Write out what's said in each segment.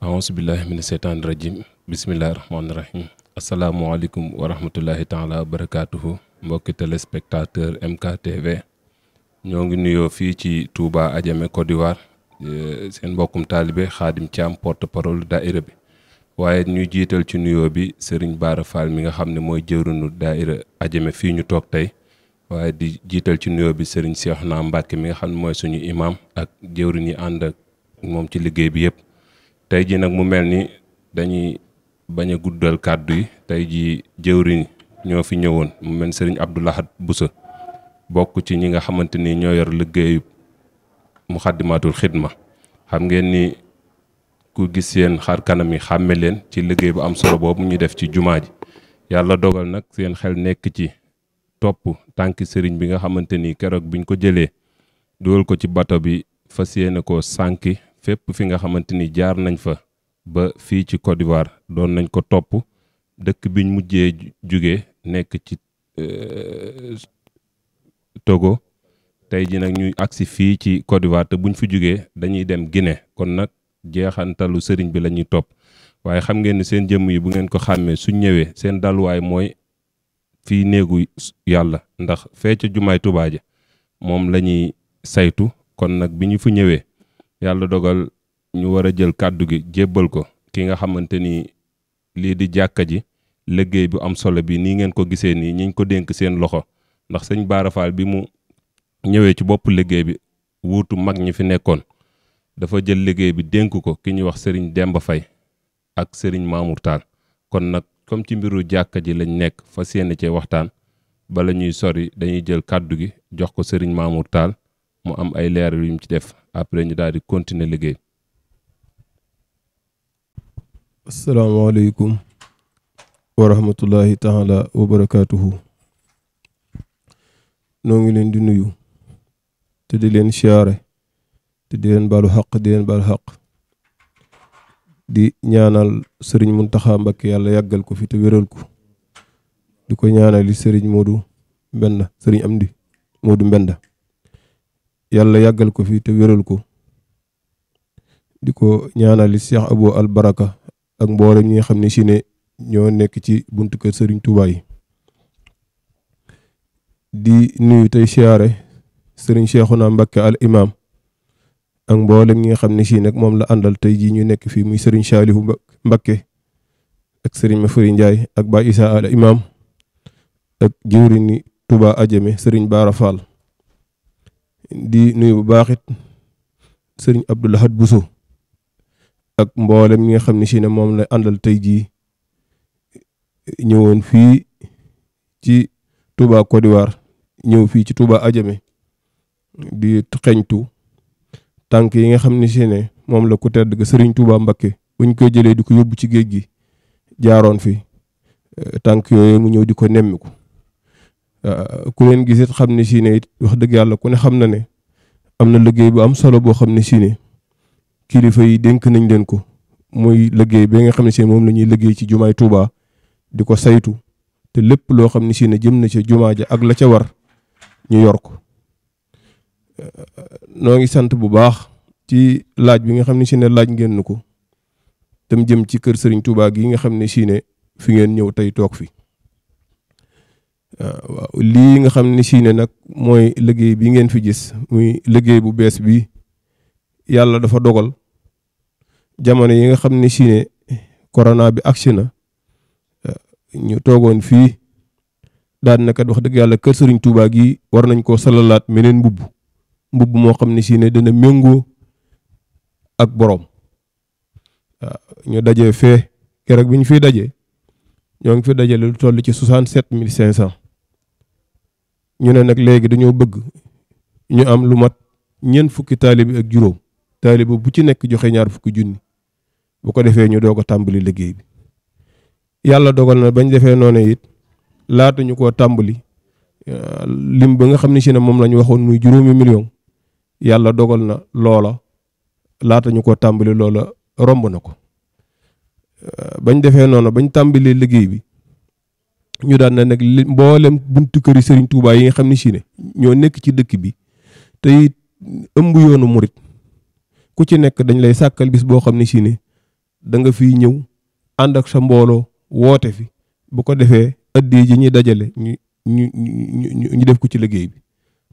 ahousubillahi mina seytaani rajim bisimillahi rahmaani rahim asalaamualeykum wa rahmatullahi taala wa barakatuhu mbokki téléspectateur MKTV ñoo ngi nuyoo fii ci Touba Adjamé Côte d'Ivoire eh, seen mbokkum taalibe Xaadim Thiam porte parole daaira bi waaye ñu jiital ci nuyoo bi Serigne Bara Fall mi nga xam ne mooy jëwrinu daaira Adjamé fii ñu toog tey waaye di jiital ci nuyoo bi Serigne naa Mbacke mi nga xam ne mooy suñu imaam ak jëwrin yi ànd ak moom ci liggéey bi yëpp tey jii nag mu mel ni dañuy bañ a guddal kàddu yi tey jii jëwriñ ñoo fi ñëwoon mu mel sëriñ Abdou Lahad Bousso bokk ci ñi nga xamante ni ñoo yor liggéeyu Muxaddamatul Xidma xam ngeen ni ku gis seen xar kanam yi xàmme leen ci liggéey bu am solo boobu ñu def ci jumaa ji yàlla dogal nag seen xel nekk ci topp tànki sëriñ bi nga xamante ni keroog biñ ko jëlee dugal ko ci bato bi fas yéene koo sànki fépp fi nga xamante ni jaar nañ fa ba fii ci Côte d'Ivoire doon nañ ko topp dëkk biñ mujjee jóge nekk ci euh, Togo tey ji nag ñuy agsi fii ci Côte d'Ivoire te buñ fi jógee dañuy dem gine kon nag jeexantalu sëriñ bi la ñuy topp waaye xam ngeen ni seen jëmm yi bu ngeen ko xàmmee suñ ñëwee seen dalwaay mooy fii néegu yàlla ndax fee ca jumaay Tuubaa moom lañuy ñuy saytu kon nag bi ñu fi ñëwee yàlla dogal ñu war a jël kàddu gi jébbal ko ki nga xamante ni lii di jàkka ji liggéey bu am solo bi nii ngeen ko gisee nii ñiñ ko dénk seen loxo ndax sëñ Bara bi mu ñëwee ci bopp liggéey bi wuutu mag ñi fi nekkoon dafa jël liggéey bi dénk ko ki ñuy wax sëriñ Demba fay ak sëriñ Mamour Tall kon nag comme ci mbiru jàkka ji lañ nekk fa yéene cee waxtaan bala ñuy sori dañuy jël kàddu gi jox ko sëriñ Mamour taal mu am ay leer yu mu ci def après ñu daal di continuer liggéey. asalaamaaleykum wa taala wa noo ngi leen di nuyu. te di leen siyaare. te di leen baalu xaq di leen di ñaanal sëriñ Muntaxa Mbakke yàlla yàggal ko fi te wéral ko. di ko ñaanali sëriñ Modou Mbenda sëriñ Amdi Modou Mbenda. yàlla yàggal ko fi te wéral ko di ko ñaanali Cheikh Abo Al Baraka ak mboolem ñi nga xam ni si ne ñoo nekk ci buntu kër Serigne Touba yi di nuyu tey siyaare Serigne Cheikhouna Mbacké al imam ak mboolem ñi nga xam ne si nag moom la àndal tey jii ñu nekk fii muy Serigne Saliou Mbacké ak ma Mafari Ndiaye ak Ba Issa al imam ak ni Touba Adjamé Serigne Bara Fall di nuyu bu baax it sëriñ Abdou Lahad Bousso ak mboolem ñi nga xam ni si moom la àndal tey jii ñëwoon fii ci Touba Côte ñëw fii ci Touba Adjamé di xeñtu tànk yi nga xam ne si moom la ku tedd ga sëriñ Touba Mbakke buñ koy jëlee di ko yóbbu ci géej gi jaaroon fi eh, tànk yooyu mu ñëw di ko nemmiku. Euh, ku leen gis xam ne siine it wax dëgg yàlla ku ne xam na ne am na liggéey bu am solo boo xam ne si kilifa yi dénk nañ leen ko muy liggéey bi nga xam ne si moom la ñuy liggéey ci jumaay Touba di ko saytu te lépp loo xam ne si jëm na ca jumaa ja ak la ca war ñu yor ko euh, noo ngi sant bu baax ci laaj bi nga xam ne si laaj ngeen ko tam jëm ci kër sëriñ Touba gi nga xam ne siine ne fi ngeen ñëw tey toog fi. waaw lii nga xam ne siine nag mooy liggéey bi ngeen fi gis muy liggéey bu bees bi yàlla dafa dogal jamono yi nga xam ne si ne corona bi agsi na eh, ñu toogoon fii daan na kat wax dëgg yàlla kër sëriñ Touba gi war nañ koo salalaat meneen mbubb mbubb moo xam ne siine ne dana méngoo ak boroom ñu daje fee keroog bi ñu fiy dajee ñoo ngi fi dajale lu toll ci soixante-sept mille cinq cent ñu ne nag léegi dañoo bëgg ñu am lu mat ñeent fukki taalibi ak juróom taaliba bu ci nekk joxe ñaar fukki junni bu ko defee ñu doog a tàmbali liggéey bi yàlla dogal na bañ defee noonu it laata ñu koo tàmbali euh, lim ba nga xam ne si ne moom la waxoon muy juróomi million yàlla dogal na loola laata ñu koo tàmbali loola romb na ko euh, bañ defee noonu bañ tàmbali liggéey bi ñu daan na nag mboolem buntu këri Serigne Touba yi nga xam ne si ne ñoo nekk ci dëkk bi te it ëmb yoonu murit ku ci nekk dañ lay sàkkal bis boo xam ne si ne da nga fiy ñëw ànd ak sa mbooloo woote fi bu ko defee ëddee ji ñuy dajale ñu ñu def ko ci liggéey bi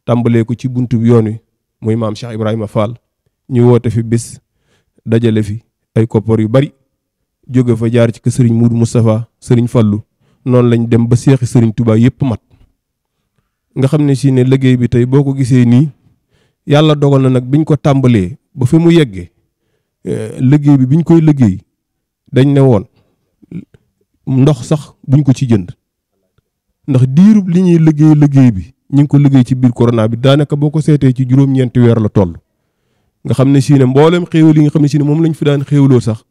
tàmbalee ko ci buntu bi yoon wi muy maam Cheikh Ibrahima Fall ñu woote fi bis dajale fi ay koppar yu bari jóge fa jaar ci kër sëriñ Moudou mustafa Serigne Fallou. noonu lañu dem ba seexi sëriñ Tuubaa yépp mat nga xam ne si ne liggéey bi tey boo ko gisee nii yàlla dogal na nag biñ ko tàmbalee ba fi mu yeggee eh, liggéey bi biñ koy liggéey dañ ne woon ndox sax buñ ko ci jënd ndax diirub li ñuy liggéey liggéey bi ñu ngi ko liggéey ci biir corona bi daanaka boo ko seetee ci juróom-ñeenti weer la toll nga xam ne si ne mboolem xéewal yi nga xam ne si ne moom lañ fi daan xéewloo sax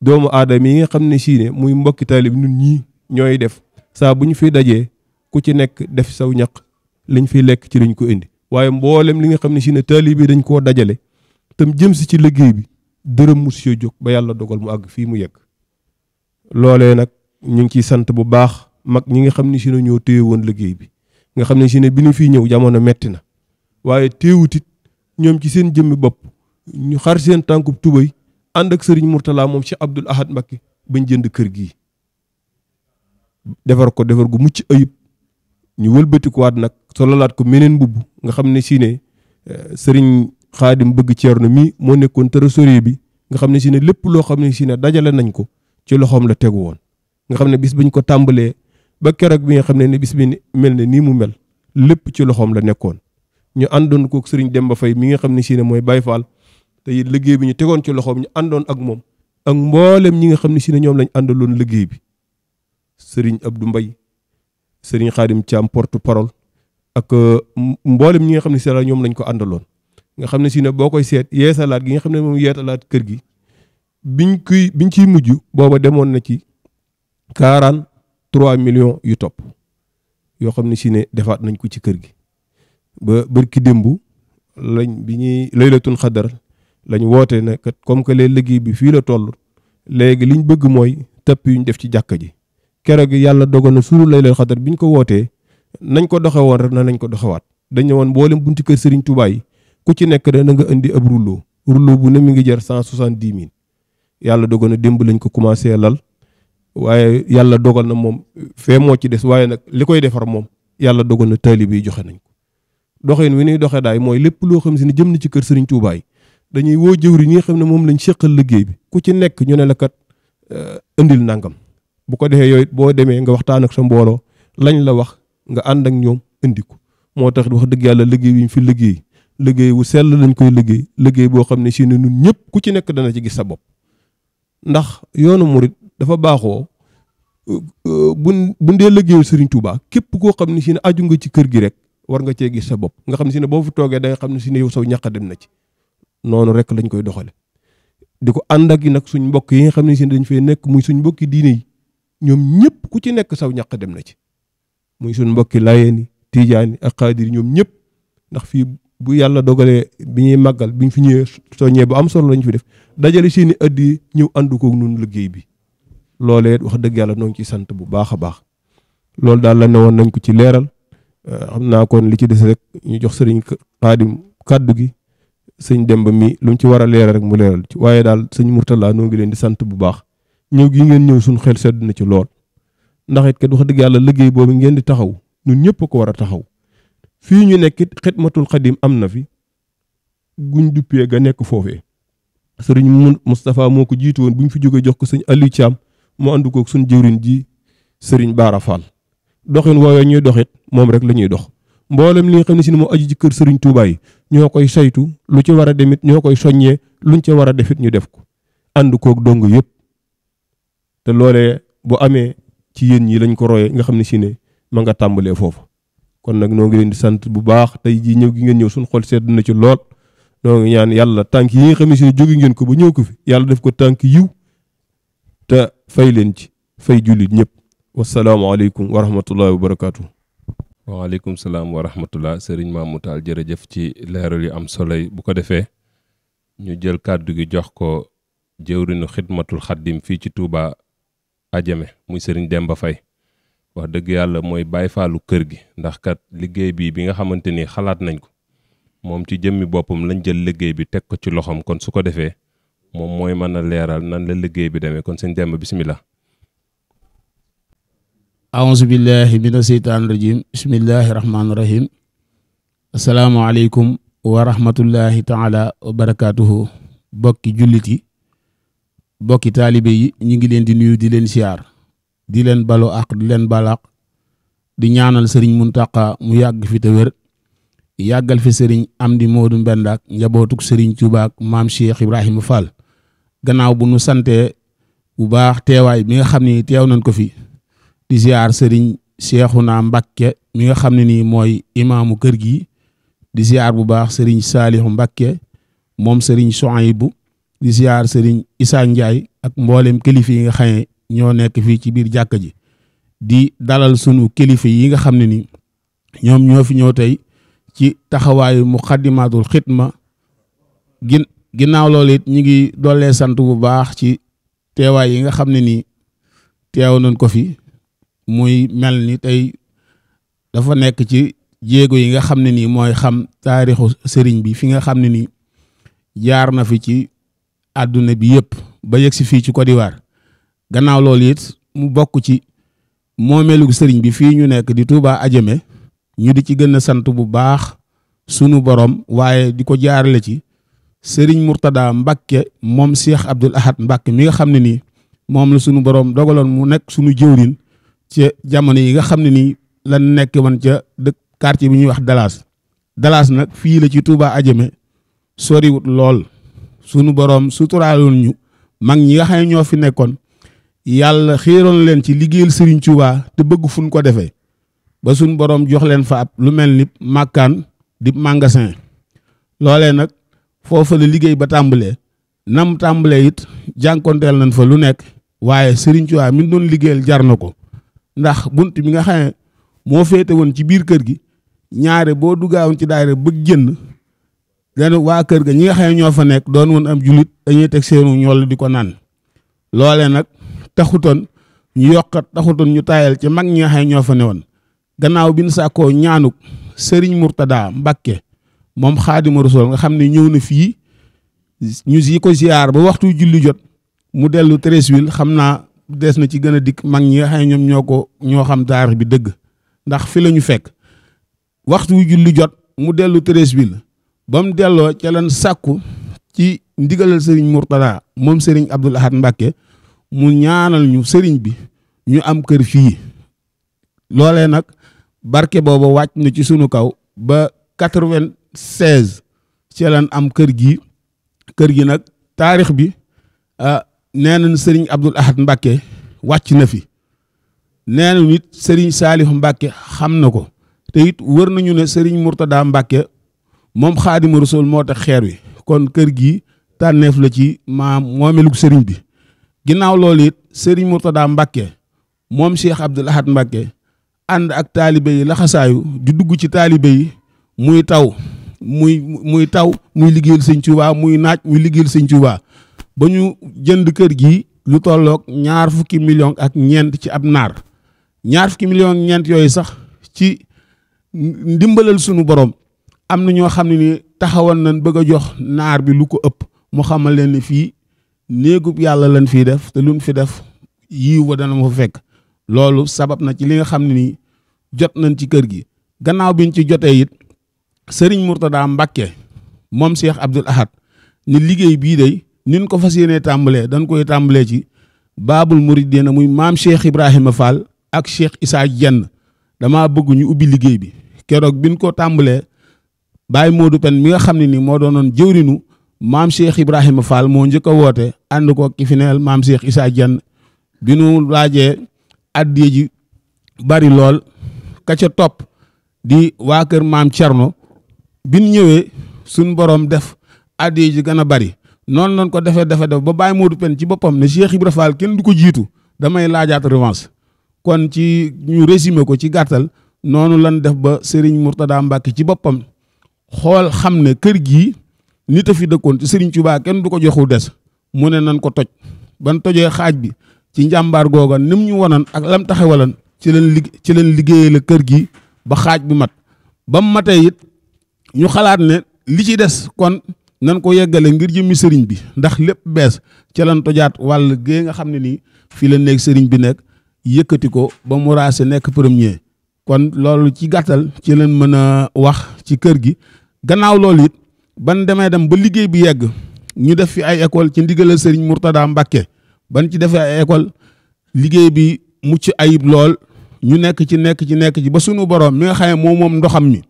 doomu aadama yi nga xam ne si muy mbokki taalib ñun ñii ñooy def saa bu ñu fi dajee ku ci nekk def saw ñaq liñ fiy lekk ci liñ ko indi waaye mboolem li nga xam ne si ne taalibe dañ koo dajale tam jëm si ci liggéey bi dërëm mu si jóg ba yàlla dogal mu àgg fii mu yegg loolee nag ñu ngi ciy sant bu baax mag ñi nga xam ne si ne téye woon liggéey bi nga xam ne si ne bi ñu fii ñëw jamono metti na waaye téewutit ñoom ci seen jëmmi bopp ñu xar seen tànkub tubéy ànd ak sëriñ Mourtala moom Cheikh Abdoul Ahad bañ jënd kër gii defar ko defar gu mucc ayib ñu wëlbatikuwaat nag sololaat ko meneen mbubb nga xam ne si ne eh, sëriñ xaadim bëgg ceerno mii moo nekkoon trésorier bi nga xam ne si ne lépp loo xam ne si ne dajale nañ ko ci loxoom la tegu woon nga xam ne bis bañ ko tàmbalee ba keroog bi nga xam ne ne bis bi mel ne nii mu mel lépp ci loxoom la nekkoon ñu àndoon kook sëriñ dem ba Fay mi nga xam ne si ne mooy Baay Faal te it liggéey bi ñu tegoon ci loxoom ñu àndoon ak moom ak mboolem ñi nga xam ne si ne ñoom lañ àndaloon liggéey bi sëriñ du mbay sëriñ Xaadim Thiam porte parole ak euh, mboolem ñi nga xam ne si ñoom lañ ko àndaloon. nga xam ne si ne boo koy seet yeesalaat gi nga xam ne moom yeetalaat kër gi biñ kuy biñ ciy mujj booba demoon na ci quarante trois millions yu topp yoo xam ne si defaat nañ ko ci kër gi. ba bërki démb lañ bi ñuy laylatun xadar lañ woote ne kat comme que les liggéey bi fii la toll léegi liñ bëgg mooy tapp yuñ def ci jàkka ji keroog yàlla dogal na suuru lay leen xatar bi ñu ko wootee nañ ko doxe woon rek na nañ ko doxewaat dañ ne woon mboolem bunti kër Serigne Touba ku ci nekk da na nga indi ab rouleau rouleau bu ne mi ngi jar cent soixante dix mille yàlla dogal na démb lañ ko commencé lal waaye yàlla dogal na moom fee moo ci des waaye nag li koy defar moom yàlla dogal na taalibe yi joxe nañ ko doxin wi ñuy doxee daay mooy lépp loo xam si ne jëm na ci kër Serigne Touba dañuy woo jëwri ñi nga xam ne moom lañ seqal liggéey bi ku ci nekk ñu ne la kat euh, indil nangam bu ko defee yooyu boo demee nga waxtaan ak sa mbooloo lañ la wax nga ànd ak ñoom indi ko moo tax wax dëgg yàlla liggéey wi ñu fi liggéey liggéey wu sell lañ koy liggéey liggéey boo xam ne si ne ñun ñëpp ku ci nekk dana ci gis sa bopp ndax yoonu murit dafa baaxoo euh, euh, bu bu dee liggéeyal Serigne Touba képp koo xam ne si ne aju nga ci kër gi rek war nga cee gis sa bopp nga xam ne si ne boo fa toogee da nga xam ne si ne yow saw ñàq dem na ci noonu rek lañ koy doxale di ko ànd ak nag suñ mbokk yi xam ne si ne dañ fee nekk muy suñ mbokki diine ñoom ñëpp ku ci nekk saw ñaq dem na ci muy suñ mbokki layeeni tiijaani ak xaadir ñoom ñëpp ndax fii bu yàlla dogalee bi ñuy màggal bi ñu fi ñëwee soññee bu am solo lañu fi def dajale seeni ëdd yi ñëw ànd koog nun liggéey bi loolee wax dëgg yàlla noo ngi ci sant bu baax a baax loolu daal la ne woon nañ ko ci leeral euh, xam naa kon li ci des rek ñu jox sëriñ xaadim kàddu gi sëñ Demba mi lu ci war a leeral rek mu leeral ci waaye daal sëñ Mourtala noo ngi leen di sant bu baax ñëw gi ngeen ñëw suñu xel sedd na ci lool ndax it kat wax dëgg yàlla liggéey boobu ngeen di taxaw ñun ñëpp ko war a taxaw fii ñu nekk it xidmatul xadim am na fi guñ duppee ga nekk foofe sëriñ Moustapha moo ko jiitu woon bu ñu fi jógee jox ko sëñ Aliou Thiam moo ànd koog suñ jëwriñ ji sëriñ Baara Fall doxin woowee ñuy doxit moom rek la ñuy dox mboolem li nga xam ne si moo aju ci kër sëriñ tuubaay ñoo koy saytu lu ci war a demit ñoo koy soññee luñ ci war a defit ñu def ko ànd koog dong yëpp te loolee bu amee ci yéen ñi lañ ko royee nga xam ne si ne ma nga tàmbalee foofu kon nag noo ngi leen di sant bu baax tey jii ñëw gi ngeen ñëw suñu xol sedd na ci lool noo ngi ñaan yàlla tànk yi xam ne si ne jóge ngeen ko bu ñëw ko fi yàlla def ko tànk yiw te fay leen ci fay jullit ñëpp wasalaamaaleykum wa rahmatullahi wa barakaatu. waaleykum salaam wa rahmatullah sëriñ Mamou Tall jëf ci leeral yi am solo bu ko defee ñu jël kàddu gi jox ko jëwriñu xidmatul xaddim fii ci Touba ajame muy sëriñ Demba Faye wax dëgg yàlla mooy bàyyi faalu kër gi ndax kat liggéey bi bi nga xamante ni xalaat nañ ko moom ci jëmmi boppam lañ jël liggéey bi teg ko ci loxoom kon su ko defee moom mooy mën a leeral nan la liggéey bi demee kon sëñ Demba bisimilah. aouzu billahi mina seytaan rajim bismillahi rahmaani rahim asalaamaaleykum wa rahmatullahi taala wa barakaatuhu bokki jullit yi bokki taalibe yi ñu ngi leen di nuyu di leen siyaar di leen balu ak di leen balaq di ñaanal mun Muntaqa mu yàgg fi te wér yàggal fi sëriñ Amdi Moodu Mbendak njabootuk sëriñ Tuubaa ak maam Cheikh Ibrahima Fall gannaaw bu nu santee bu baax teewaay bi nga xam ni teew nañ ko fi di siyaar sëriñ Seexuna Mbàkke mi nga xam ne nii mooy imaamu kër gi di siyaar bu baax sëriñ Saalihu Mbàkke moom sëriñ Soaybu di siyaar sëriñ Issa Ndiaye ak mboolem kilifa yi nga xam ñoo nekk fii ci biir jàkka ji di dalal sunu kilifa yi nga xam ne ni ñoom ñoo fi ñëw tey ci taxawaayu muxaddimaatul xidma gin ginnaaw loolu it ñu ngi doolee sant bu baax ci teewaay yi nga xam ne nii teew nañ ko fi muy mel ni tey dafa nekk ci jéego yi nga xam ne nii mooy xam taarixu sëriñ bi fi nga xam ne nii jaar na fi ci àdduna bi yëpp ba yegg si fii ci Côte d'Ivoire gannaaw loolu it mu bokk ci moomeelu sëriñ bi fii ñu nekk di Touba Adjamé ñu di ci gën a sant bu baax sunu boroom waaye di ko jaarale ci sëriñ Mourtada Mbacke moom Cheikh Abdoul Ahad Mbacke mi nga xam ne nii moom la sunu borom dogaloon mu nekk sunu jëwriñ ci jamono yi nga xam ne nii lan nekk woon ca dëkk quartier bi ñuy wax dalaas Dalas nag fii la ci Touba Adjamé soriwut lool. sunu borom suturaaloon ñu mag ñi nga xam ñoo fi nekkoon yàlla xiiroon leen ci liggéeyal Serigne Touba te bëgg fu ko defee ba sunu boroom jox leen fa ab lu mel ni màkkaan di magasin loole nag foofa la liggéey ba tàmbalee nam tàmbalee it jànkonteel nañ fa lu nekk waaye Serigne Touba mi doon liggéeyal jar na ko ndax bunt bi nga xam moo féete woon ci biir kër gi ñaare boo duggaawoon ci daayira bëgg génn leen waa kër ga ñi nga xam ne ñoo fa nekk doon woon am jullit dañuy teg seenu ñoll di ko naan loolee nag taxutoon ñu yokkat taxutoon ñu taayal ci mag ñi ñoo fa ne woon gannaaw bi ñu sàkkoo ñaanuk sëriñ Murtada Mbàkke moom Xaadimu Rasuul nga xam ne ñëw na fii ñu si ko ziar ba waxtu julli jot mu dellu Treichville xam naa des na ci gën a dikk mag ñi ñoom ñoo ko ñoo xam taarix bi dëgg ndax fi la ñu fekk waxtu julli jot mu dellu Treichville ba mu delloo ca lan sàkku ci ndigalal Serigne Mourtada moom sëriñ Abdoul Ahad mbakke mu ñaanal ñu Serigne bi ñu am kër fii loole nag barke boobu wàcc na ci sunu kaw ba quatre-vingt-seize ci am kër gi kër gi nag taarix bi ah, nee nañ sëriñ Abdoul Ahad Mbacke wàcc na fi nee nañ it Serigne Salif Mbacke xam na ko te it wër nañu ne Serigne Mourtada Mbacke moom xaadima rasul moo tax xeer wi kon kër gi tànneef la ci maam moomelug sëriñ bi ginnaaw loolu it sëriñ Mourtada Mbacke moom Cheikh Abdoul Ahad ànd ak taalibe yi laxasaayu di dugg ci taalibe yi muy taw muy muy taw muy liggéeyal sëñ Tuubaa muy naaj muy liggéeyal sëñ Tuubaa ba ñu jënd kër gi lu tolloog ñaar fukki million ak ñeent ci ab naar ñaar fukki million ak ñeent yooyu sax ci ndimbalal sunu borom am na ñoo xam ne ni taxawoon nañ bëgg a jox naar bi lu ko ëpp mu xamal leen ni fii néegub yàlla lañ fii def te luñ fi def yiw wa dana ma fa fekk loolu sabab na ci li nga xam ne nii jot nañ ci kër gi gannaaw biñ ci jotee it sëriñ Mourtada Mbacke moom Cheikh Abdoul Ahad ni liggéey bii day nin ko fa yéenee tàmbalee dañ koy tàmbalee ci baabul muridina muy maam Cheikh Ibrahima Fall ak Cheikh Issa Dieng dama bëgg ñu ubbi liggéey bi keroog biñ ko tàmbalee Baye Modou pen mi nga xam ne nii moo doonoon jëwrinu maam Cheikh Ibrahima Fall moo njëkk a woote ànd ko ki fi neel maam Cheikh Issa Diène bi nu laajee addiya ji bari lool ka ca topp di waa kër maam Thierno bi nu ñëwee suñ borom def addiya ji gën a bari noonu noonu ko defee defe def ba baay Modou Pène ci boppam ne Cheikh Ibrahima Fall kenn du ko jiitu damay laajaat revanche kon ci ñu résumé ko ci gàttal noonu lan def ba Serigne Mourtada Mbacke ci boppam. xool xam ne kër gi nit a fi dëkkoon Serigne Touba kenn du ko joxu des mu ne nan ko toj ban tojee xaaj bi ci njàmbaar googa nim ñu wonan ak lam taxewalan ci leen ci leen liggéeyee la kër gi ba xaaj bi mat ba mu it ñu xalaat ne li ci des kon nan ko yeggale ngir jëmmi sëriñ bi ndax lépp bees ca lan tojaat wàll gée nga xam ne nii fii la nekk sëriñ bi nekk yëkkati ko ba mu raase nekk premier kon loolu ci gàttal ci leen mën a wax ci kër gi gannaaw loolu it ban demee dem ba liggéey bi yegg ñu def fi ay école ci ndigalal Serigne Mourtada Mbacke ban ci defee ay école liggéey bi mucc ayib lool ñu nekk ci nekk ci nekk ci ba sunu boroom mi nga xam ne moom moom ndoxam mi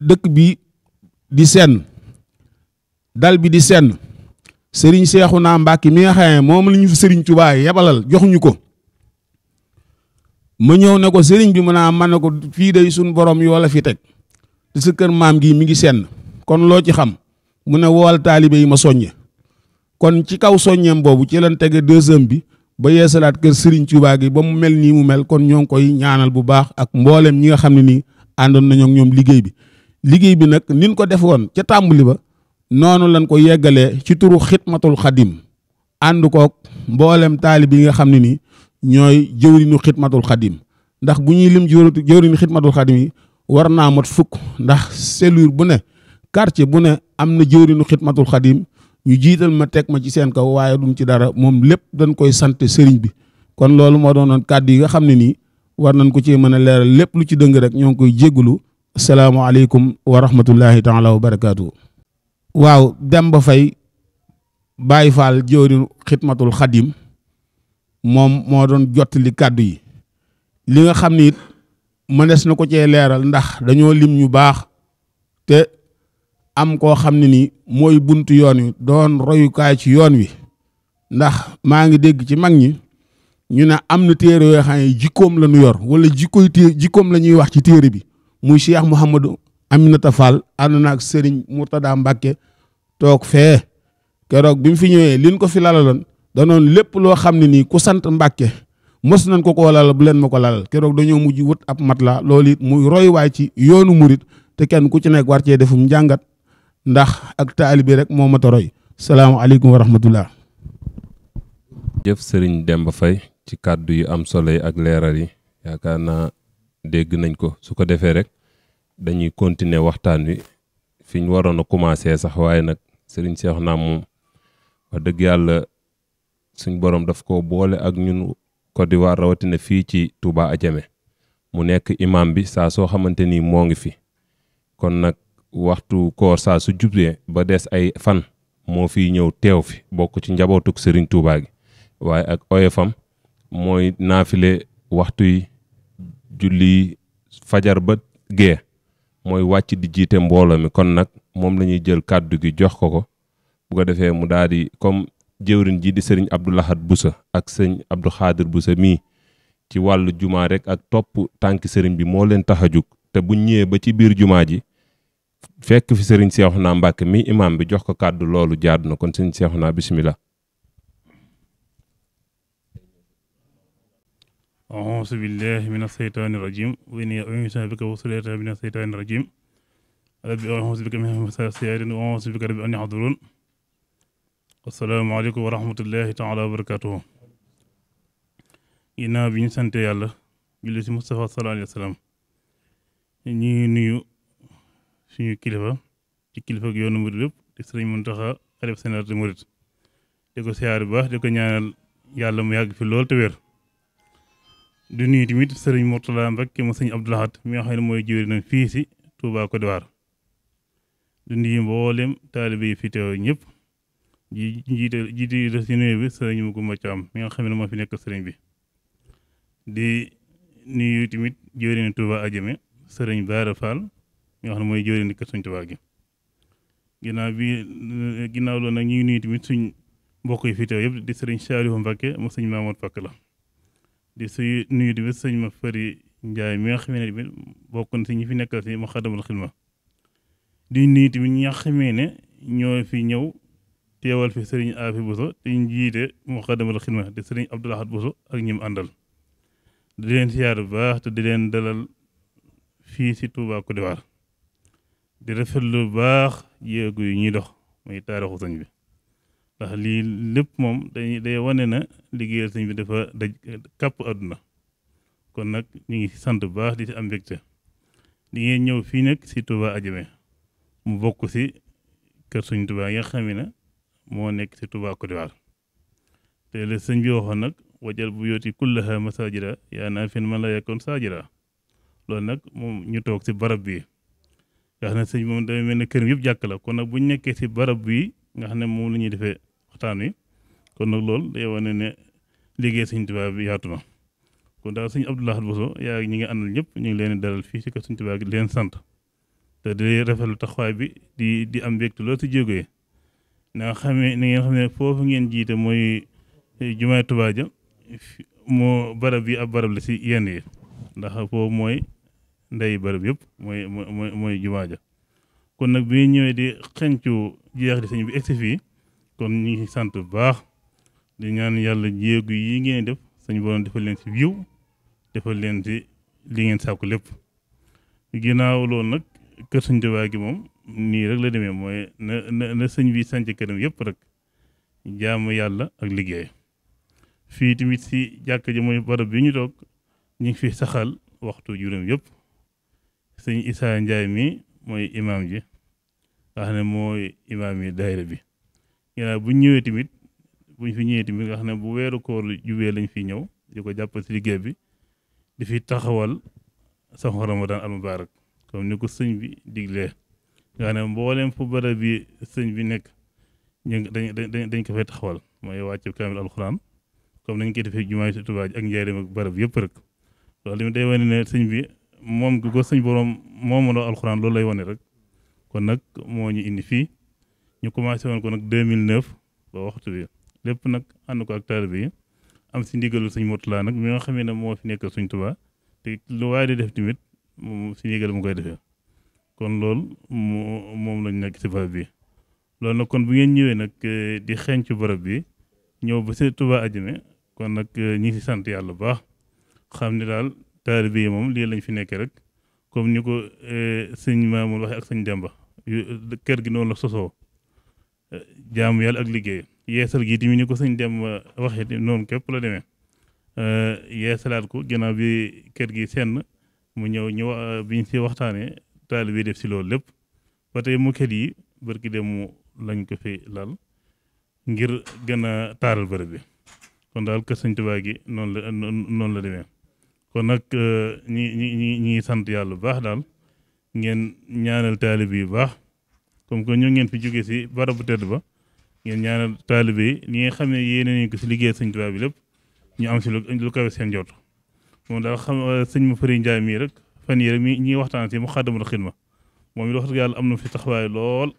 dëkk bi di senn dal bi di senn seexu naa Mbacke mi nga xam moom la ñu fi Serigne Touba yebalal joxuñu ko. ma ñëw ne ko sëriñ bi mu naa mane ko fii day suñ borom yoo la fi teg te sa kër maam gii mi ngi senn kon loo ci xam mu ne wool taalibe yi ma soññe kon ci kaw soññeem boobu ci lañ tege deuxième bi ba yeesalaat kër sëriñ Tuubaa yi ba mu mel nii mu mel kon ñoo ngi koy ñaanal bu baax ak mboolem ñi nga xam ne nii àndoon nañoo ñoom liggéey bi liggéey bi nag nin ko defoon ca tàmbali ba noonu lañ ko yeggalee ci turu xidmatul xadim ànd koog mboolem taalib yi nga xam ne nii ñooy jëwriñu xidmatul xadim ndax bu ñuy lim jëwriñu xidmatul xadim yi war naa mot fukk ndax cellule bu ne quartier bu ne am na jëwriñu xidmatul xadim ñu jiital ma teg ma ci seen kaw waaye dum ci dara moom lépp dañ koy sant sëriñ bi kon loolu moo doonoon kàddu yi nga xam ne nii war nañ ko ci mën a leeral lépp lu ci dëng rek ñoo ngi koy jéggulu asalaamaaleykum wa rahmatullahi taala wa barakaatu. waaw Demba Faye Baye Fall jëwriñu xidmatul xadiim moom moo doon jottali kàddu yi li nga xam ni it mënees na ko cee leeral ndax dañoo lim ñu baax te am koo xam ne ni mooy buntu yoon wi doon royukaay ci yoon wi ndax maa ngi dégg ci mag ñi ñu ne am na téere yoo xam jikkoom la ñu yor wala jikkoy téere jikkoom la ñuy wax ci téere bi muy Cheikh Mouhamadou Aminata Fall ànd na ak Serigne Mourtada Mbacke toog fee keroog bi mu fi ñëwee lin ko fi lalaloon danoon lépp loo xam ne nii ku sant Mbàkke mos nañ ko koo lalal bu leen ma ko lalal keroog dañoo mujj wut ab mat la loolu it muy waay ci yoonu murit te kenn ku ci nekk war cee defum njàngat ndax ak taalibe rek moo mat a roy salaamaaleykum wa rahmatullah jëf sëriñ Demba Faye ci kàddu yu am solo yi ak leeral yi yaakaar naa dégg nañ ko su ko defee rek dañuy continuer waxtaan wi fi ñu waroon a commencer sax waaye nag sëriñ Cheikh naa moom wax dëgg yàlla suñ boroom daf ko boole ak ñun Côte d'Ivoire rawatina fii ci Touba jame mu nekk imam bi saa soo xamante ni moo ngi fi kon nag waxtu koor saa su jubee ba des ay fan moo fi ñëw teew fi bokk ci njabootuk sëriñ Touba gi waaye ak oyofam mooy naafile waxtu yi julli fajar ba gee mooy wàcc di jiite mbooloo mi kon nag moom la ñuy jël kàddu gi jox ko ko bu defee mu daal di jëwriñ ji di sëriñ Abdou Lahad ak sëñ Abdou Khadir Boussa mii ci wàllu jumaa rek ak topp tànki sëriñ bi moo leen tax a jug te buñ ñëwee ba ci biir jumaa ji fekk fi sëriñ Seexuna Mbàkke mi imaam bi jox ko kàddu loolu jaadu na kon sëriñ Seexuna bisimilah. asalaamaaleykum wa rahmatullahi taala wa barakatuhu ginnaaw bi ñu sante yàlla julli si Moustapha sallallahu alayhi wa sallam ñi nuyu suñu kilifa ci kilifa ak yoonu murid lépp di sëriñ Muntaxa xalif général des ko siyaar bu baax di ko ñaanal yàlla mu yàgg fi lool te wér di nuyu tamit sëriñ Mourtala Mbakke mo sëriñ Abdou Lahad mi nga xam ne mooy jëwriñam fii si Touba Côte d'Ivoire di nuyu mboolem taalibe yi fi teew ñëpp ji jiite jiite yi def ci nuyu bi sëriñ Macoumba Thiam mi nga moo fi nekk sëriñ bi tamit jëwriñu Touba Adjamé sëriñ Baara Fall xam ne mooy jëwriñu kër Sëriñ Touba bi ginnaaw loolu nag ñu ngi nuyu suñ mbokk yi fi yëpp di sëriñ Saliou Mbacke mu sëriñ Mamoud Fakk la di suy ma fari Ndiaye mi nga xam ne tamit fi nekkal si mu xadamul xilma di nuyu tamit ñi xamee ne ñoo fi ñëw. teewal fi sëriñ Afi Bousso di njiite Muqaddamatul Xidma di sëriñ Abdou Lahad Bousso ak ñim àndal di leen siyaar bu baax te di leen dalal fii si Touba Côte d'Ivoire di rafetlu bu baax jéego yu ñuy dox muy taarixu sëñ bi ndax lii lépp moom dañuy day wane na liggéeyal sëñ bi dafa daj kàpp àdduna kon nag ñu ngi sant bu baax di si am mbégte di ngeen ñëw fii nag si Touba Adjamé mu bokk si kër sëñ Touba yi nga moo nekk si Touba Côte d'Ivoire te la sëñ bi waxoon nag wajal bu yooti kullaha masajira yaa naa fin man la yakkoon saajira loolu nag moom ñu toog si barab bi nga xam sëñ moom day mel ne kër yëpp jàkk kon nag bu ñu nekkee ci barab bi nga xam ne moom la ñuy defee waxtaan wi kon nag loolu day wane ne liggéey sëñ Touba bi yaatu na kon daal sëñ Abdou Lahad Bousso yaa ñi ngi àndal ñëpp ñu ngi leen di dalal fii si kër sëñ Touba gi leen sant te di rafetlu taxawaay bi di di am mbégte loolu ci jéego yi na nga xamee na xam ne foofu ngeen jiite mooy eh, jumaay Tuubaa ja moo barab yi ab barab la si yenn yi ndax foofu mooy ndey barab yëpp mooy mooy mooy kon nag bi ñëwee di xencu jeex di sëñ bi egsi fii kon ñu sant bu baax di ñaan yàlla jéegu yi ngeen def sëñ borom defal leen si yiw defal leen si li ngeen sàkku lépp ginnaaw loolu nag kër sëñ Tuubaa gi moom nii rek la demee mooy na sëñ bi sanc këram yëpp rek jaamu yàlla ak liggéey fii tamit si jàkk ji mooy barab bi ñu toog ñu ngi fi saxal waxtu juróom yépp sëñ Issa Njaay mi mooy imaam ji nga xam ne mooy imaam yi daayira bi ginnaaw bu ñëwee tamit buñ fi ñëwee tamit nga xam ne bu weeru koor jubee lañ fi ñëw di ko jàppal si liggéey bi di fi taxawal saxu Ramadan al mubarak comme ni ko sëñ bi diglee nga xam ne mboolem fu barab bi sëñ bi nekk ñu dañ dañ dañ ko fay taxawal mooy wàccu kaamil alxuraan comme dañ koy defee jumaa tubaa Tuubaa ak njaareem ak barab yëpp rek loolu li day wane sëñ bi moom gu ko sëñ boroom moo no alxuraan loolu lay wone rek kon nag moo ñu indi fii ñu commencé woon ko nag mille 2009 ba waxtu bi lépp nag ànd ko ak taalibe bi am si ndigalu sëñ Murtala nag mi nga xamee ne moo fi nekk sëñ tubaa te lu waaye di def tamit moom si ndigal mu koy defee kon loolu moom lañ nekk ci barab bi loolu nag kon bu ngeen ñëwee nag eh, di xeeñ ci barab bi ñëw ba si Touba Adjamé kon nag eh, ñi ngi si sant yàlla bu baax xam ne daal taalibe yi moom lii lañ fi nekkee rek comme ni ko eh, sëñ Mamour waxee ak sëñ Demba kër gi noonu la sosoo jaamu yàlla ak liggéey yeesal gi tamit ni ko sëñ Demba waxee noonu képp la deme yeesalaat ko ginnaaw bi kër gi seen mu ñëw ñu biñ si waxtaanee taali bi def si loolu lépp ba tey moquette yi bërki mu lañ ko fi lal ngir gën a taaral bërëb bi kon daal kër Sëñ Tuubaa gi noonu la noonu la demee kon nag euh, ñi ñi ñi ñi sant yàlla bu baax daal ngeen ñaanal taalibe yi baax comme que ñoo ngeen fi jóge si barabu tedd ba ngeen ñaanal taalibe yi li nga xam ne yéene nañ ko si liggéey Sëñ Tuubaa bi lépp ñu am si lu lu kawe seen jot moom daal sëñ ma fëri Njaay mii rek fan yii rek mi ñuy waxtaan ci Muxaddamatul Xidma moom it wax dëgg yàlla am na fi taxawaay lool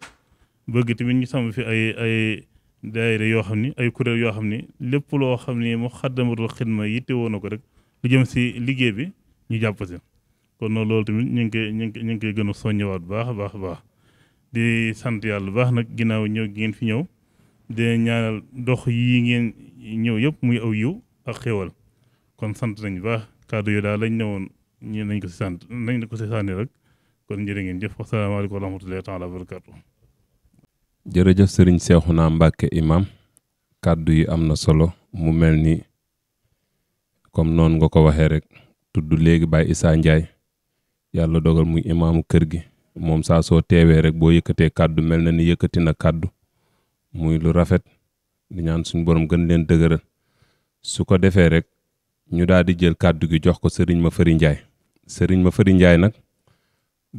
bëgg tamit ñu sàmm fi ay ay yoo xam ni ay kuréel yoo xam ni lépp loo xam ni Muxaddamatul Xidma yitte woon na ko rek lu jëm si liggéey bi ñu jàpp si kon noonu loolu tamit ñu ngi koy ñu ngi koy ñu ngi koy gën a soññewaat baax baax a baax di sant yàlla baax nag ginnaaw ñëw ngeen fi ñëw di ñaanal dox yi ngeen ñëw yëpp muy aw yiw ak xéwal kon sant nañ baax kàddu yu daal lañ ne woon ñii nañ ko si sant nañ ko si sànni rek kon jërë ngeen jëf wasalaamaaleykum wa rahmatullahi taala wa barakatu jërëjëf sëriñ Seexuna Mbàkke imaam kàddu yi am na solo mu mel ni comme noonu nga ko waxee rek tudd léegi Baye Issa Ndiaye yàlla dogal mu imaamu kër gi moom saa soo teewee rek boo yëkkatee kàddu mel na ni yëkkati na kàddu muy lu rafet di ñaan suñu borom gën leen dëgëral su ko defee rek ñu daal di jël kàddu gi jox ko sëriñ ma fëri Ndiaye sëriñ ma fëri njaay nag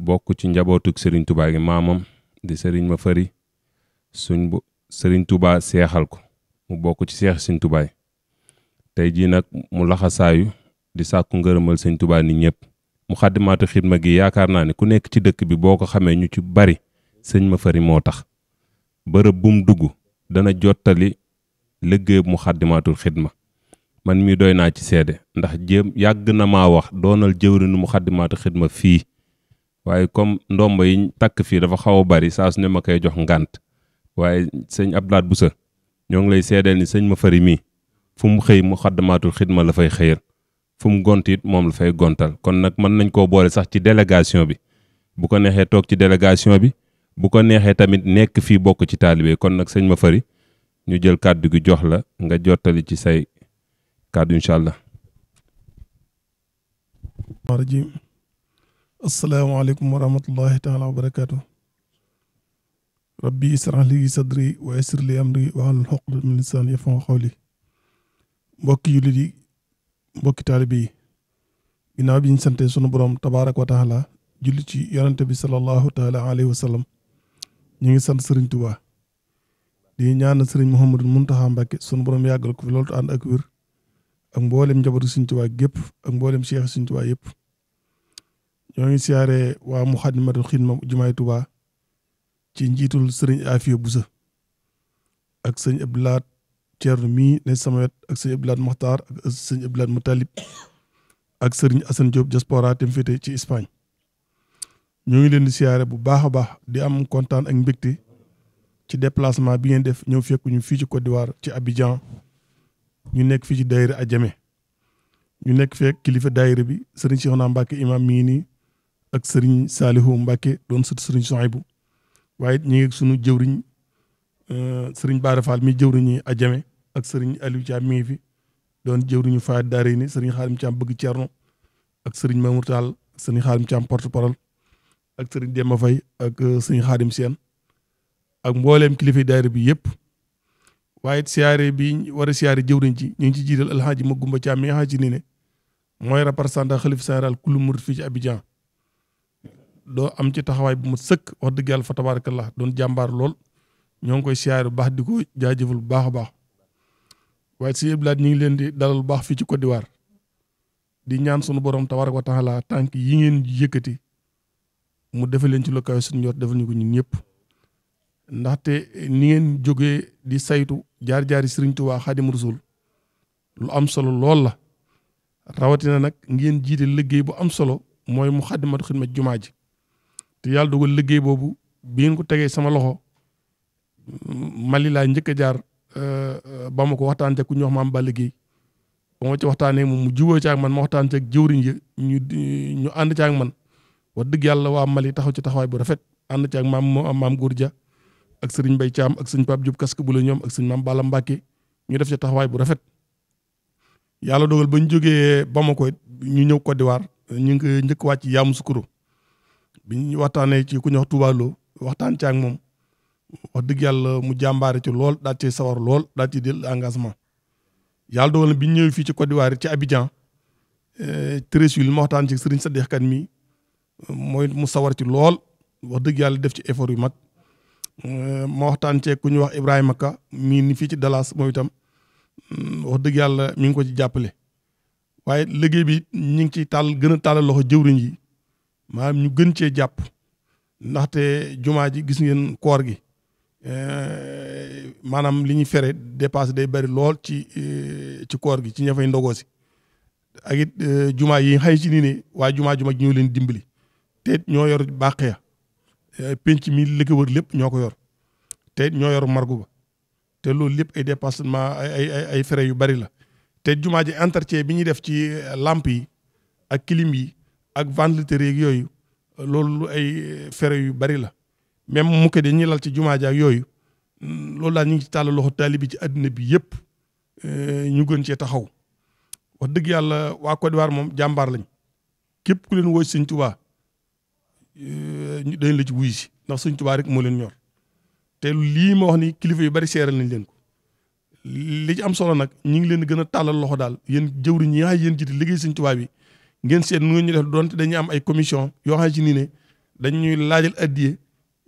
bokk ci njabootu sëriñ tubaa gi maamam di sëriñ ma fëri suñ bu sëriñ tubaa seexal ko mu bokk ci seex sëriñ tubaay tey jii nag mu laxasaayu di sàkku ngërëmal sëriñ tubaa ni ñëpp mu xaddimaatu xidma gi yaakaar naa ne ku nekk ci dëkk bi boo ko xamee ñu ci bari sëñ ma fëri moo tax bërëb bum dugg dana jottali liggéey mu xaddimaatul xidma man mii doy naa ci seede ndax jéem yàgg na maa wax doonal jëwriñu Muxaddamaatul Xidma fii waaye comme ndomba yi takk fii dafa xaw a bari saa su ne ma koy jox ngànt waaye sëñ bu sa ñoo ngi lay seedeel ni sëñ ma fari mii fu mu xëy Muxaddamaatul Xidma la fay xëyal fu mu gont moom la fay gontal kon nag mën nañ koo boole sax ci délégation bi bu ko neexee toog ci délégation bi bu ko neexee tamit nekk fii bokk ci taalibe kon nag sëñ ma fari ñu jël kàddu gi jox la nga jottali ci say kàddu incha allah. rajim asalaamaaleykum wa rahmatullahi taala wa barakaatu. rabbi israh li sadri wa yassir li amri wahlul uqdatan min lisaani yafqahu qawli mbokki jullit yi mbokki taalibe yi ginnaaw bi ñu sante sunu borom tabaaraka wa taala julli ci yonente bi sallallahu taala alayhi wa sallam ñu ngi sant sëriñ Tuubaa di ñaan sëriñ Mouhamadou Mountakha Mbacké sunu borom yàggal ko fi loolu ànd ak wér ak mboolem njabootu Sëriñ Tuubaa gépp ak mboolem Cheikh Sëriñ waa yëpp ñoo ngi siyaare waa mu Muxaddamatul Xidma Jumaay Tuubaa ci njiitul sëriñ Afiya Busa ak sëñ Abdou Lahad Thierno mii ne sama wet ak sëñ Abdou Lahad ak sëñ Abdou Lahad Moutalib ak sëriñ Assane Diop diaspora te mu féete ci Espagne ñoo ngi leen di siyaare bu baax a baax di am kontaan ak mbégte ci déplacement bi ngeen def ñëw ñu fii ci Côte d'Ivoire ci Abidjan ñu nekk fii ci daayira Adjamé ñu nekk fee kilifa daayira bi sëriñ Cheikhouna Mbacke imam mii nii ak sëriñ Salihu Mbacke doon sët sëriñ Sohaybu waaye ñu ngi ak sunu jëwriñ euh, sëriñ Bara Fall mi a jame ak sëriñ Aliou Thiam mi doon doon jëwriñu Fayda Daarayni sëriñ Xaalim Thiam bëgg Cerno ak sëriñ Mamour Tall sëriñ Xaalim Thiam porte ak sëriñ Demba fay ak euh, sëriñ Xaadim Seen ak mbooleem kilifa daayira bi yëpp. waaye siyaare bi war a siyaare jëwriñ ji ñu ngi ci jiital alxaaji Magumba Caam mi nga xaaji ni ne mooy représentant xalif général kulu murit fii ci Abidjan doo am ci taxawaay bu mu sëkk wax dëgg yàlla fa tabaarakallah doon jàmbaar lool ñoo ngi koy siyaare bu baax di ko jaajëfal bu baax a baax waaye si yëpp ñu ngi leen di dalal bu baax fii ci Côte d'Ivoire di ñaan sunu borom tabaaraka wa taala tànk yi ngeen yëkkati mu defe leen ci lu kawe suñu yor defal ñu ko ni ngeen jógee di saytu jaar-jaari Serigne Touba Xaadim Rasul lu am solo lool la rawatina nag ngeen jiite liggéey bu am solo mooy mu xaddimatu xidma jumaa ji te yàlla dogal liggéey boobu bi ngeen ko tegee sama loxo Mali laa njëkka a jaar euh, ba ma ko waxtaan ku ñu maam ba liggéey ba ma ci waxtaanee moom mu jiwoo ci man ma waxtaan ci ak jëwriñ ya ñu ñu ànd ci ak man wax dëgg yàlla waa Mali taxaw ci taxawaay bu rafet ànd ci ak maam maam Gourdia ak sëriñ Mbay Caam ak sëñ Pape Diop kask bu la ñoom ak sëñ Maam Balla Mbàkke ñu def ci taxawaay bu rafet yàlla dogal ba ñu jógee ñu ñëw Côte d'Ivoire ñu ngi njëkk wàcc Yamoussoukro bi ñu waxtaanee ci ku ñuy waxtu Touba Lo waxtaan ci ak moom wax dëgg yàlla mu jàmbaare ci lool daal ci sawar lool daal ci jël engagement yàlla dogal bi ñëw fii ci Côte d'Ivoire ci Abidjan eh, treize li waxtaan ci sëriñ Sadikh Kane mi mooy mu sawar ci lool wax dëgg yàlla def ci effort yu mag Euh, ma waxtaan cee ku ñuy wax Ibrahima Ka mii ni fii ci Dallas moom itam mm, wax dëgg yàlla mi ngi ko ci jàppale waaye liggéey bi ñu ngi ci tàll gën a tàllal loxo jëwriñ yi maanaam ñu gën cee jàpp ndaxte jumaa ji gis ngeen koor gi euh, maanaam li ñuy fere dépasse day bari lool ci euh, ci koor gi ci ña fay ndogoo si ak it jumaa yi xëy si nii ne waaye jumaa ju mag ñoo leen dimbali te ñoo yor bàqe ya penc mi li ko lépp ñoo ko yor te ñoo yor margu ba te loolu lépp ay dépassement ay ay ay yu bari la te jumaa ji entretien bi ñuy def ci euh, lamp yi ak clim yi ak ventilateur yeeg yooyu loolu ay euh, frais yu bari la même mu ko dañuy ci jumaa ji ak yooyu mm, loolu daal ñu ngi ci tàll loxo bi ci addina bi yëpp euh, ñu gën cee taxaw wax dëgg yàlla waa Côte d'Ivoire moom jàmbaar lañ képp ku leen woo Sëñ Euh, dañ la ci wuy si ndax suñ tubaa rek moo leen ñor te lii ma wax ni kilifa yu bari seeral nañ leen ko li am solo nag ñu ngi leen gën a tàllal loxo daal yéen jëwriñ yi nga xam yéen jiite liggéey suñ tubaa bi ngeen seet nu ñu def donte dañuy am ay commission yoo xam ci nii ne dañuy laajal addiye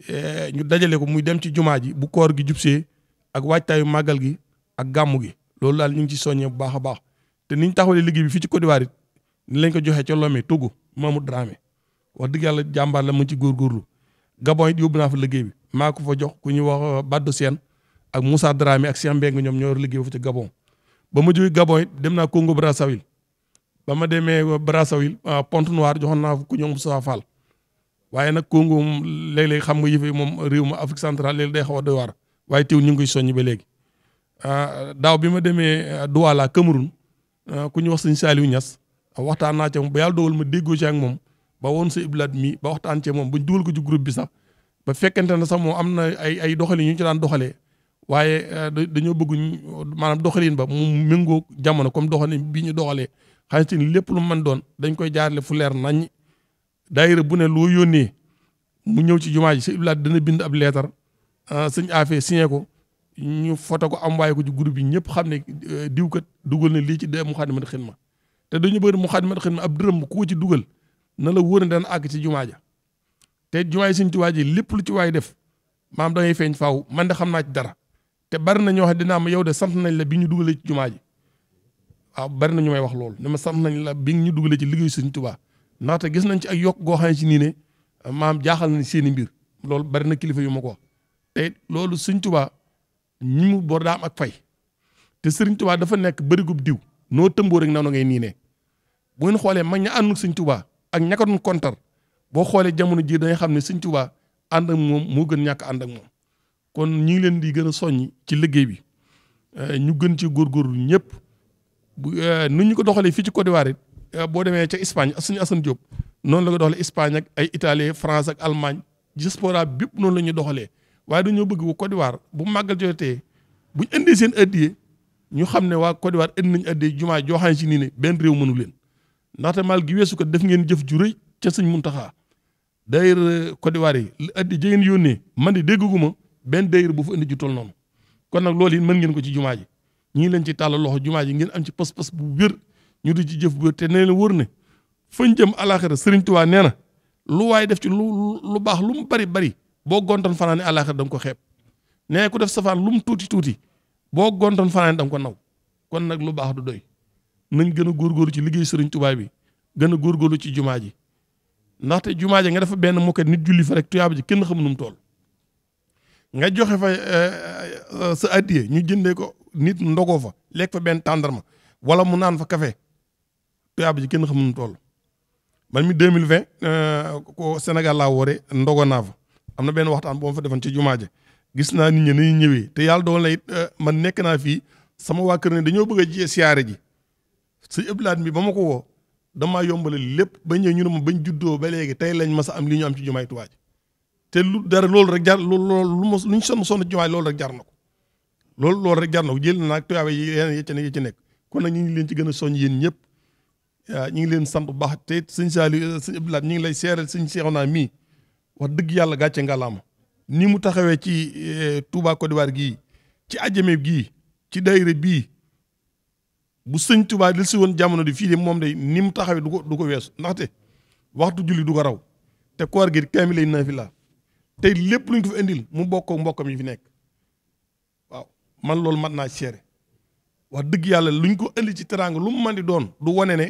euh, ñu dajale ko muy dem ci jumaa ji bu koor gi jubsee ak waajtaayu màggal gi ak gàmmu gi loolu daal ñu ngi ci soññee bu baax a baax te niñ taxawalee liggéey bi fii ci Côte d'Ivoire ko joxee ca Lomé Togo Mamadou wax dëgg yàlla jàmbaar la mu ci góorgóorlu Gabon it yóbbu naa fa liggéey bi maa ko jox ku ñuy wax euh, Badou Sène ak Moussa Dramé ak Cheikh Mbengue ñoom ñoo liggéey fa ca Gabon ba ma jógee Gabon it dem naa Congo Brazzaville ba ma demee euh, Brazzaville euh, Pointe Noire joxo naa fa ku ñoom waaye nag Congo moom xam nga yëfe moom réew ma Afrique centrale day xaw a doy waar waaye teew ñu ngi koy soññ ba léegi daaw bi ma demee Douala Cameroun ku ñu wax sëñ Saliou Niass waxtaan naa ca ba yàlla dogal ma déggoo ci ak moom ba woon sa iblaat mi ba waxtaan cee moom buñ dugal ko ci groupe bi sax ba fekkente ne sax moom am na ay ay doxalin ñu ci daan doxalee waaye eh, dañoo bëgg maanaam doxaliin ba mu méngoo jamono comme doxalin bi ñu doxalee xaalis ni lépp lu man doon dañ koy jaarale fu leer da daayira bu ne loo yónnee mu ñëw ci jumaa ji sa iblaat dana bind ab leetar ah, sëñ affaire signé ko ñu foto ko am waaye ko ci groupe yi ñëpp xam ne eh, diw kat dugal na lii ci de Moukhaddamatoul Khidma te dañu bëri Moukhaddamatoul Khidma ab dërëm ku ko ci dugal na la wóor ne dana àgg ci jumaa ja te jumaa yi Sëñ Tuubaa ji lépp lu ci waay def maam da feeñ faaw man de xam naa ci dara te bari na ñoo xam dinaa ma yow de sant nañ la bi ñu dugalee ci jumaa ji waaw bari na ñu wax loolu ne ma sant nañ la bi ñu dugalee ci liggéeyu Sëñ Tuubaa naata gis nañ ci ak yokk goo xam ne ci nii ne maam jaaxal nañ seeni mbir loolu bari na kilifa yu ma ko te loolu Sëñ Tuubaa ñi bor daa ak fay te Sëriñ Tuubaa dafa nekk bërigub diw noo tëmboo rek na ngay nii ne bu xoolee mag ña ànd ak ak ña ko kontar boo xoolee jamono jii dañuy xam ne Sëñ Tuubaa ànd ak moom moo gën ñàkk ànd ak moom kon ñu ngi leen di gën a soññ ci liggéey bi eh, ñu gën ci góor góorgóorlu ñëpp eh, nu ñu ko doxalee fii ci Côte eh, boo demee ca Espagne ak suñu Assane noonu la ko doxalee Espagne ak ay Italie France ak Allemagne diaspora bépp noonu la ñuy doxalee waaye dañoo bëgg waa Côte d'Ivoire bu màggal jotee bu ñu indee seen addiye ñu xam ne waa Côte d'Ivoire indi nañu addiye joo xam si nii ne benn réew mënu leen naata maal gi weesu ko def ngeen jëf ju rëy ca sëñ Muntaxa daayira Côte d'Ivoire yi li addi jigéen yónnee man di dégg dégguma benn daayira bu fa indi ju toll noonu kon nag loolu it mën ngeen ko ci jumaa ji ñu ngi leen ci tàllal loxo jumaa ji ngeen am ci pas-pas bu wér ñu di ci jëf bu wér te nee leen wër ne fañ jëm alaxira Sëriñ Tuubaa nee na lu waaye def ci lu lu baax lu mu bari bari boo gontoon fanaan ne alaxira da nga ko xeeb nee ku def safaan lu mu tuuti tuuti boo gontoon fanaan da nga kon nag lu baax du doy nañ gën a góorgóorlu ci liggéey sëriñ Tuubaa bi gën a góorgóorlu ci jumaa ji ndaxte jumaa ji nga dafa benn mokket nit julli fa rek tuyaaba ji kenn xam nu mu tool nga joxe fa eh, eh, sa addiye ñu jëndee ko nit ndogoo fa lekk fa benn tàndarma wala mu naan fa kafe tuyaaba ji kenn xam nu tool man mi 2020 eh, ko Sénégal laa woore ndogo naa fa am na benn waxtaan boo fa defoon ci jumaa ji gis naa nit ñi nañu ñëwee te yàlla doon na it man nekk naa fii sama waa kër ne dañoo bëgg a siyaare ji sëñ Abdoulaat mi ba ma ko woo damaa yombale lépp ba ñëw ñu ne ma bañ juddoo ba léegi tey lañ mas a am li ñu am ci jumaay Tuubaa te lu dara loolu rek jar loolu lu ma lu ñu sonn sonn rek jar na ko loolu loolu rek jar na ko jël na nag tuyaaba yi yeneen yi ci nekk kon nag ñu ngi leen ci gën a soññ yéen ñëpp waaw ñu ngi leen sant bu baax te sëñ Saliou eh, sëñ Abdoulaat ñu ngi lay seeral sëñ Seexuna mii wax dëgg yàlla gàcce ngalaama nii mu taxawee ci eh, Touba Côte d'Ivoire gii ci ajjame gii ci daayira bii bu sëñ Tuubaa dil si woon jamono di fii de moom day ni mu taxawee du ko du ko weesu ndaxte waxtu julli du ko raw te koor gi kaami fi naafila tey lépp luñ ko fi indil mu bokk ak mbokkam yi fi nekk waaw man loolu mat naa seere wax dëgg yàlla luñ ko indi ci teraanga lu mu man di doon du wane ne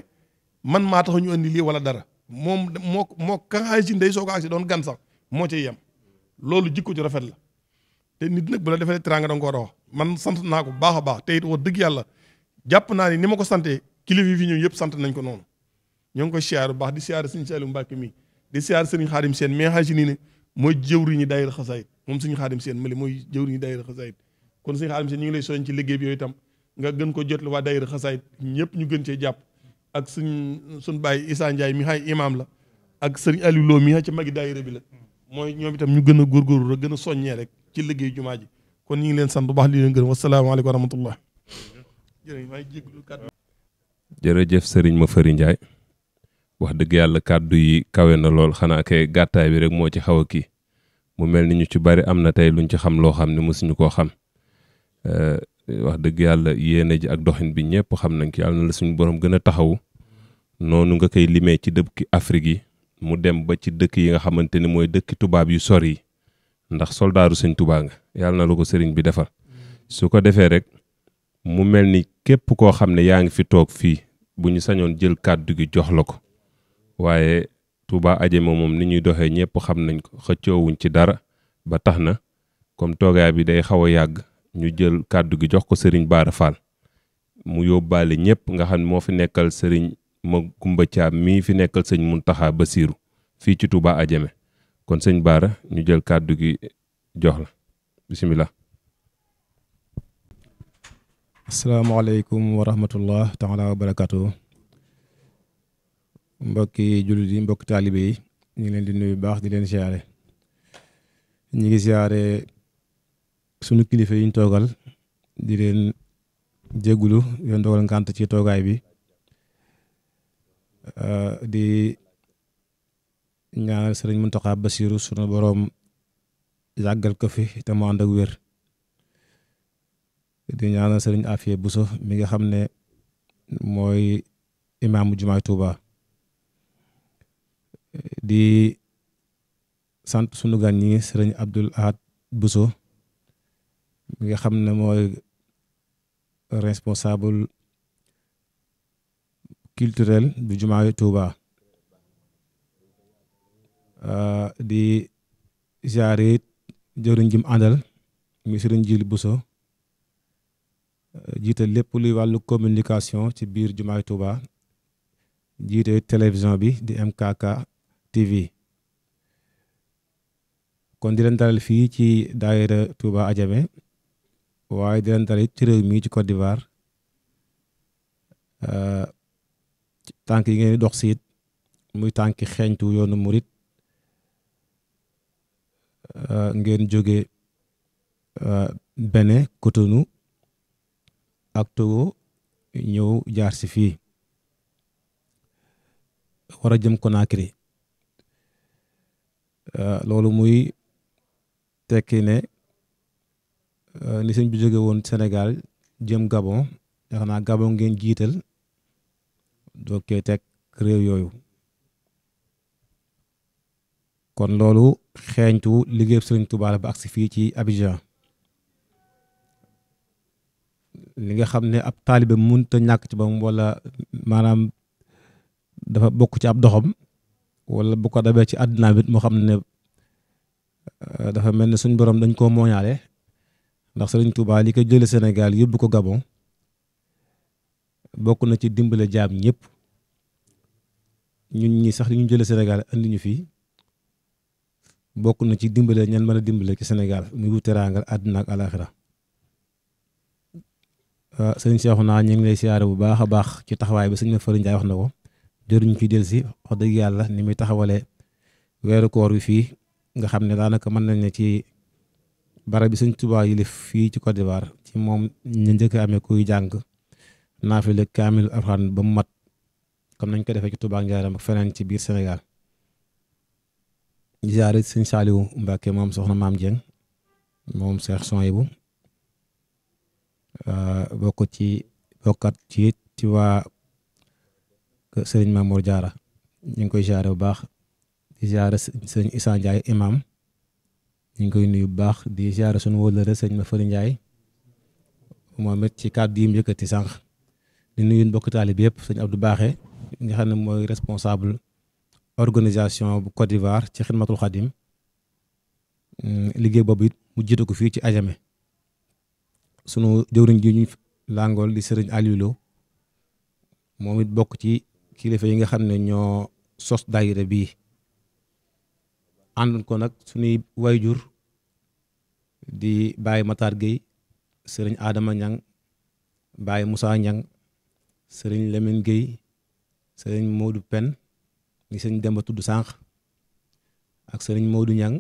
man maa tax ñu indi lii wala dara moom moo moo kaxaay si ndey soo ko agsi doon gan sax moo ci yem loolu jikko ci rafet la te nit nag bu la defee teraanga danga ko man sant naa ko baax a baax te it dëgg yàlla jàpp naa ni ni ma ko sante kilifa fi ñëw yëpp sant nañ ko noonu ñoo ngi koy siyaar bu baax di siyaar sëñ Saliou Mbacke mi di siyaar sëriñ Xaadim Seen mais xaaj si nii ne mooy jëwriñu daayira xasaayit moom sëñ Xaadim Seen mali mooy jëwriñu daayira xasaayit kon sëñ Xaadim Seen ñu ngi lay soñ ci liggéey bi yooyu itam nga gën ko jotlu waa daayira xasaayit ñëpp ñu gën cee jàpp ak suñ suñ baay Issa mi xay imaam la ak sëriñ Aliou Lo mi ci magi daayira bi la mooy ñoom itam ñu gën a góorgóorlu rek gën a soññee rek ci liggéey jumaa ji kon ñu ngi leen sant bu baax di jërëjëf sëriñ ma fëri Ndiaye wax dëgg yàlla kàddu yi kawe na lool xanaa kay gàttaay bi rek moo ci xaw a kii mu mel ni ñu ci bari am na tey luñ ci xam loo xam ne mosuñu koo xam eh, wax dëgg yàlla yéene ji ak doxin bi ñëpp xam nañ ko yàlla na la suñu borom gën a taxawu noonu nga koy limee ci ki Afrique yi mu dem ba ci dëkk yi nga xamante ni mooy dëkki tubaab yu sori yi ndax soldaaru sëñ tubaa nga yàlla na la ko sëriñ bi defal su ko defee rek. mu mel ni képp koo xam ne yaa ngi fi toog fii bu ñu sañoon jël kàddu gi jox la ko waaye Touba Ajema moom ni ñuy doxee ñëpp xam nañ ko xëccoowuñ ci dara ba tax na comme toogaay bi day xaw a yàgg ñu jël kàddu gi jox ko Serigne baara Fall mu yóbbaale ñëpp nga xam ne moo fi nekkal Serigne ma Gumba Thiam mii fi nekkal sëñ mun taxaa ba siiru fii ci Touba Ajeme kon sëñ Bara ñu jël kàddu gi jox la bisimilah. asalaamaaleykum wa rahmatullah taala wa barakaatu mbokki jullit yi mbokki taalibe yi ngi leen di nuyu baax di leen siyaare ñu ngi siyaare sunu kilifa yi ñu toogal di leen jéggulu di leen dogal ci toogaay bi di ñaanal sëriñ Muntaxa Basiru sunu boroom yàggal ko fi te mu ak wér di ñaanal sëriñ Afia Bousso mi nga xam ne mooy imaamu jumaa Touba di sant sunu gan ñi sëriñ Abdoul Ahad buso mi nga xam ne mooy responsable culturel bu jumaay Touba ah, di ziare jëriñ jim àndal mi sëriñ Jili buso jiite lépp luy wàllu communication ci biir jumaay Touba jiite télévision bi di MKK TV kon di leen dalal fii ci daayira Touba Adjamé waaye di leen dalal ci réew mii ci Côte d'Ivoire euh, tànk yi ngeen dox siit muy tànki xeeñtu yoon murit euh, ngeen jóge euh, Bénin Cotonou ak Togo ñëw jaar si fii wara a jëm Conakry euh, loolu muy tekki ne euh, ni sëñ bi jóge woon Sénégal jëm Gabon yaakaar naa Gabon ngeen jiital doo koy teg réew yooyu kon loolu xeeñtu liggéey Sëriñ Tuubaa la ba agsi fii ci Abidjan li nga xam ne ab taalibe munta ñàkk ci moom wala maanaam dafa bokk ci ab doxam wala bu ko dabee ci àddina bit moo xam ne euh, dafa mel ne suñ borom dañ koo mooñaale ndax dañ Tuubaa li ko jële Sénégal yóbbu ko Gabon bokk na ci dimbale jaam ñëpp ñun ñi sax li ñu jële Sénégal indi ñu fii bokk na ci dimbalee ñan mën a dimbale ci senegal muy wuteraangal àddina ak alaxira Euh, sëñ naa ñu ngi lay siyaare bu baax a baax ci taxawaay bi sëñ ma Fary Ndiaye wax na ko jëruñu ci del si wax dëgg yàlla ni muy taxawalee weeru koor wi fii nga xam ne daanaka mën nañ ne ci barab bi sëñ Tuubaa yilif fii ci Côte d'Ivoire ci moom ñu njëkk amee kuy jàng naafile kaamil alxuraan ba mu mat comme nañ ko defee ci Touba Njaaram ak feneen ci biir Sénégal di siyaare sëñ Saliou Mbacke moom soxna maam Dieng moom Cheikh Souhaïbou bokk ci bokkat ci ci waa sëriñ Mamour Diarra ñu ngi koy ziare bu baax di ziare sëriñ Issa Ndiaye imam koy nuyu bu baax di ziare sunu wóllëre sëriñ Mafari Ndiaye moom it ci kàddu yi mu sànq di nuyu mbokk yëpp sëriñ Abdou Baaxe nga xam ne mooy responsable organisation bu Côte d'Ivoire ci xidmatul xadim mm, liggéey boobu it mu jiite ko fii ci ajame sunu jëwriñ ji ñu làngool di sëriñ Aliou moom it bokk ci kilifa yi nga xam ne ñoo sos daayira bii àndoon ko nag suñuy wayjur di Baye Matar Gueye sëriñ Adama ñaŋ Baye Moussa ñaŋ sëriñ lemin Gueye sëriñ Modou Pen ni sëriñ Demba tudd sànq ak sëriñ Modou ñaŋ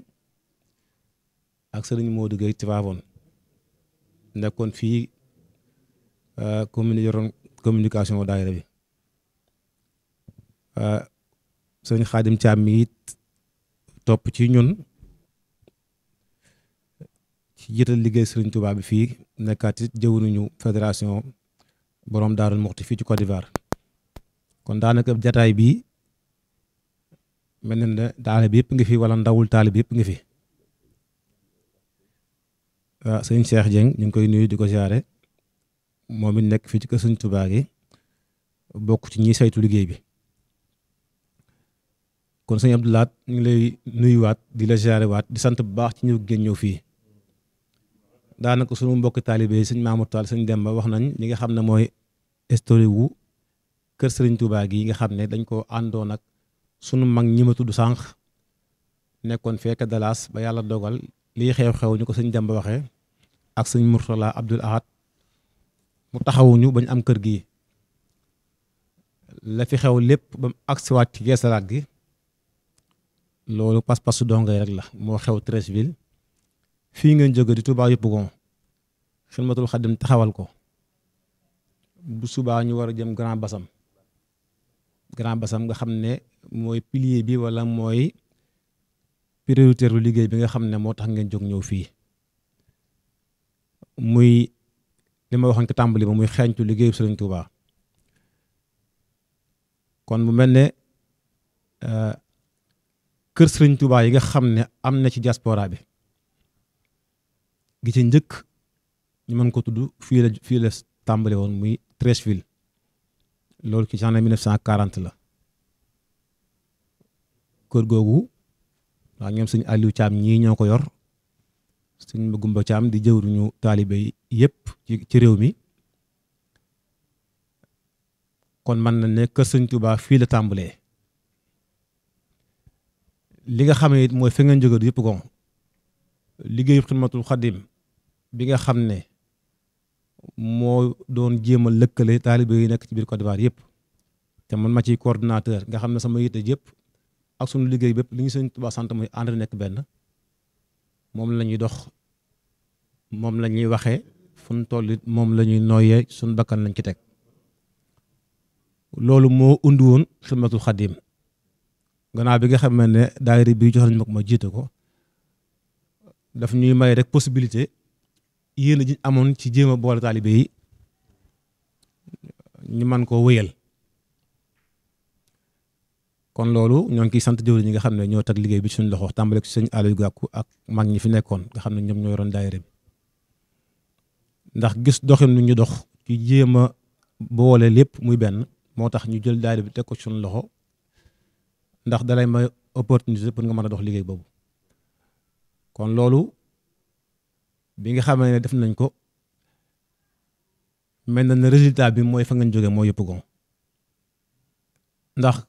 ak sëriñ Modou Gueye Tivaouane nekkoon fii euh, commune yoroon communication daayira bi euh, sëñ Xaadim Caam mi it topp ci ñun ci jiital liggéey sëriñ Tuubaa bi fii nekkaat it jëwriñu fédération boroom Daaru Muxti fii ci Côte d'Ivoire kon daanaka jataay bi mel na ne daara bi yëpp ngi fi wala ndawul taali bi yëpp ngi fi Ah, sëñ Cheikh Dieng ñu ngi koy nuyu di ko ziare moom nekk fii ci kër sëñ Tuubaa gi bokk ci ñi saytu liggéey bi kon sëñ Abdou Lahat ñu ngi lay nuyuwaat di la ziare waat di sant bu baax ci ñëw génn ñëw fii daanaka sunu mbokki taalibe yi sëñ Mamour Tall sëñ Demba wax nañ li nga xam ne mooy histoire wu kër sëriñ Tuubaa gi nga xam ne dañ ko àndoon ak sunu mag ñi ma tudd sànq nekkoon fekk Dalaas ba yàlla dogal lii xew-xew ñu ko sëñ Demba waxee ak sëñ Mourtala Abdul Ahad mu taxawuñu bañ am kër gi la fi xew lépp ba mu agsiwaat ci geesalaat gi loolu pas-pasu dongay rek la moo xew Treichville fii ngeen jóge di Touba yëpp gon xilmatul xaddim taxawal ko bu subaa ñu war a jëm Grand Bassam Grand Bassam nga xam ne mooy pilier bi wala mooy prioritaire lu liggéey bi nga xam ne moo tax ngeen jóg ñëw fii muy li ma waxoon ko tàmbali ba muy xeeñtu liggéeyu Sëriñ Tuubaa kon mu mel ne euh, kër Sëriñ Tuubaa yi nga xam ne am na ci diaspora bi gi ci njëkk ñu mën ko tudd fii la fii la tàmbali woon muy Treichville loolu ci janvier 1940 la kër googu waaw ñoom sëñ Aliou Thiam ñii ñoo ko yor sëñ Magumba Caam di jëwriñu taalibe yëpp ci réew mi kon man na nekk kër sëñ Tuubaa fii la tàmbalee li nga xam ne it mooy fi ngeen jóge du liggéey kon liggéeyu xidmatul xadim bi nga xam ne moo doon jéem a lëkkale taalibe yi nekk ci biir Côte d'Ivoire yëpp te man ma ciy coordinateur nga xam ne sama yitte yëpp ak sunu liggéey bépp li ñu sëñ Tuubaa sant muy ànd nekk benn moom la ñuy dox moom la ñuy waxee fu ñu moom la ñuy nooyee suñ bakkan lañ ci teg loolu moo undi woon xidmatul xadim gannaaw bi nga xam ne daayira bi jox nañ ma ko ma jiite ko daf ñuy may rek possibilité yéen a amoon ci jéem a boole taalibe yi ñu man koo wéyal kon loolu ñoo ngi ciy sant jëwri ñi nga xam ne ñoo teg liggéey bi suñu loxo tàmbale ko sëñ Aliou ak mag ñi fi nekkoon nga xam ne ñoom ñoo yoroon daayira bi ndax gis doxin nu ñu dox ci jéem a boole lépp muy benn moo tax ñu jël daayira bi teg ko suñu loxo ndax dalay may opportunité pour nga mën a dox liggéey boobu kon loolu bi nga xam ne def nañ ko mel na ne résultat bi mooy fa ngeen jógee mooy yëpp gon ndax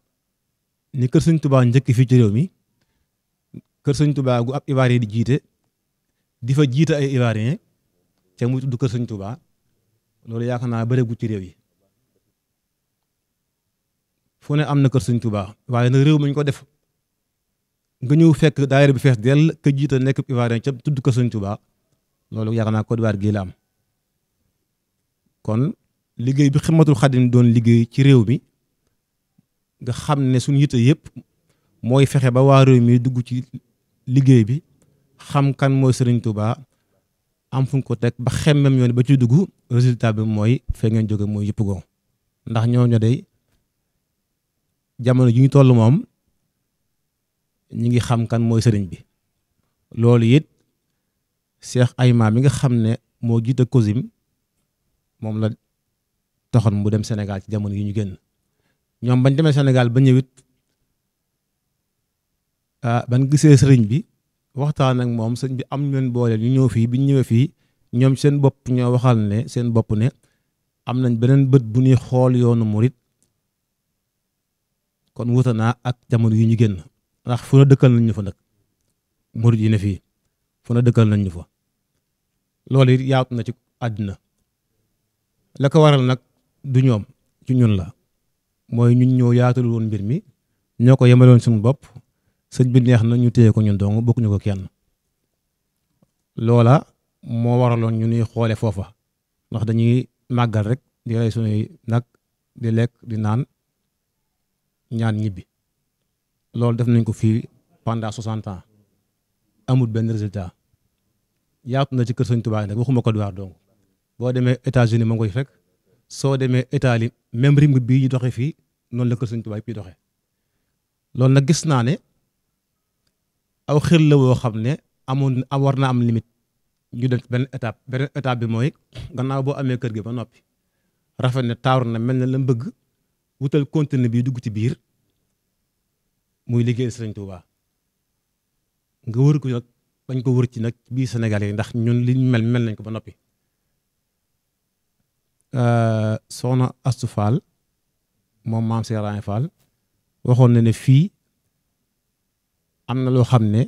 ni kër sëñ tubaa njëkk fii ci réew mi kër sëñ tubaa gu ab ivoirien di jiite difa fa ay ivoirien te mu tudd kër sëñ tubaa loolu yaakaar naa bëre gu ci réew yi fu ne am na kër sëñ tubaa waaye na réew mañ ko def nga ñëw fekk daayira bi fees dell ka jiita nekk ivoirien ca tudd kër sëñ tubaa loolu yaakaar naa Côte d'Ivoire gii la am kon liggéey bi Xidmatul Xaadim doon liggéey ci réew mi nga xam ne suñ yitte yëpp mooy fexe ba waa réew mi dugg ci liggéey bi xam kan mooy Serigne Touba am fu ko teg ba xemmem yoon ba ci dugg résultat bi mooy fee ngeen jóge mooy yëpp gon ndax ñooñu day jamono ji ñu toll moom ñi ngi xam kan mooy sëriñ bi loolu it Cheikh Ayma mi nga xam ne moo jiite COSIM moom la taxoon mu dem Sénégal ci jamono yi ñu génn ñoom bañ demee senegal ba ñëwit ah, ban gisee sëriñ bi waxtaan ak moom sëñ bi am leen booleel ñu ñëw fii bi ñu ñëwee fii ñoom seen bopp ñoo waxal ne seen bopp ne am nañ beneen bët bu ñuy xool yoonu murit kon wuta naa ak jamono yu ñu génn rax fu na dëkkal nañ ñu fa nag murit yi na fii fu na dëkkal nañ ñu fa loolu it yaatu na ci àddina la ko waral nag du ñoom ci ñun la mooy ñun ñoo yaatal woon mbir mi ñoo ko yemaloon suñu bopp sëñ bi neex na ñu téye ko ñun dong bokkuñu ko kenn loola moo waraloon ñu nuy xoole foofa ndax dañuy màggal rek di rey nag di lekk di naan ñaan ñibbi loolu def nañ ko fii pendant soixante ans amul benn résultat yaatu na ci kër sëñ Tuubaa nag waxuma ko duwaar dong boo demee États-Unis ma ngi koy fekk soo demee Italie même rythme bii ñu doxee fii noonu la ko Sëñ Tuubaa bi doxe loolu nag gis naa ne aw xel la woo xam ne amoon war naa am limite ñu dem benn étape beneen étape bi mooy gannaaw boo amee kër gi ba noppi rafet na taaru na mel na la bëgg wutal contenu bi dugg ci biir muy liggéey Sëñ Tuubaa nga wër ko nag bañ ko wër ci nag biir Sénégal yi ndax ñun liñ mel mel nañ ko ba noppi Euh, soxna Astu Fall moom maam Seeraay Fall waxoon na ne fii am na loo xam ne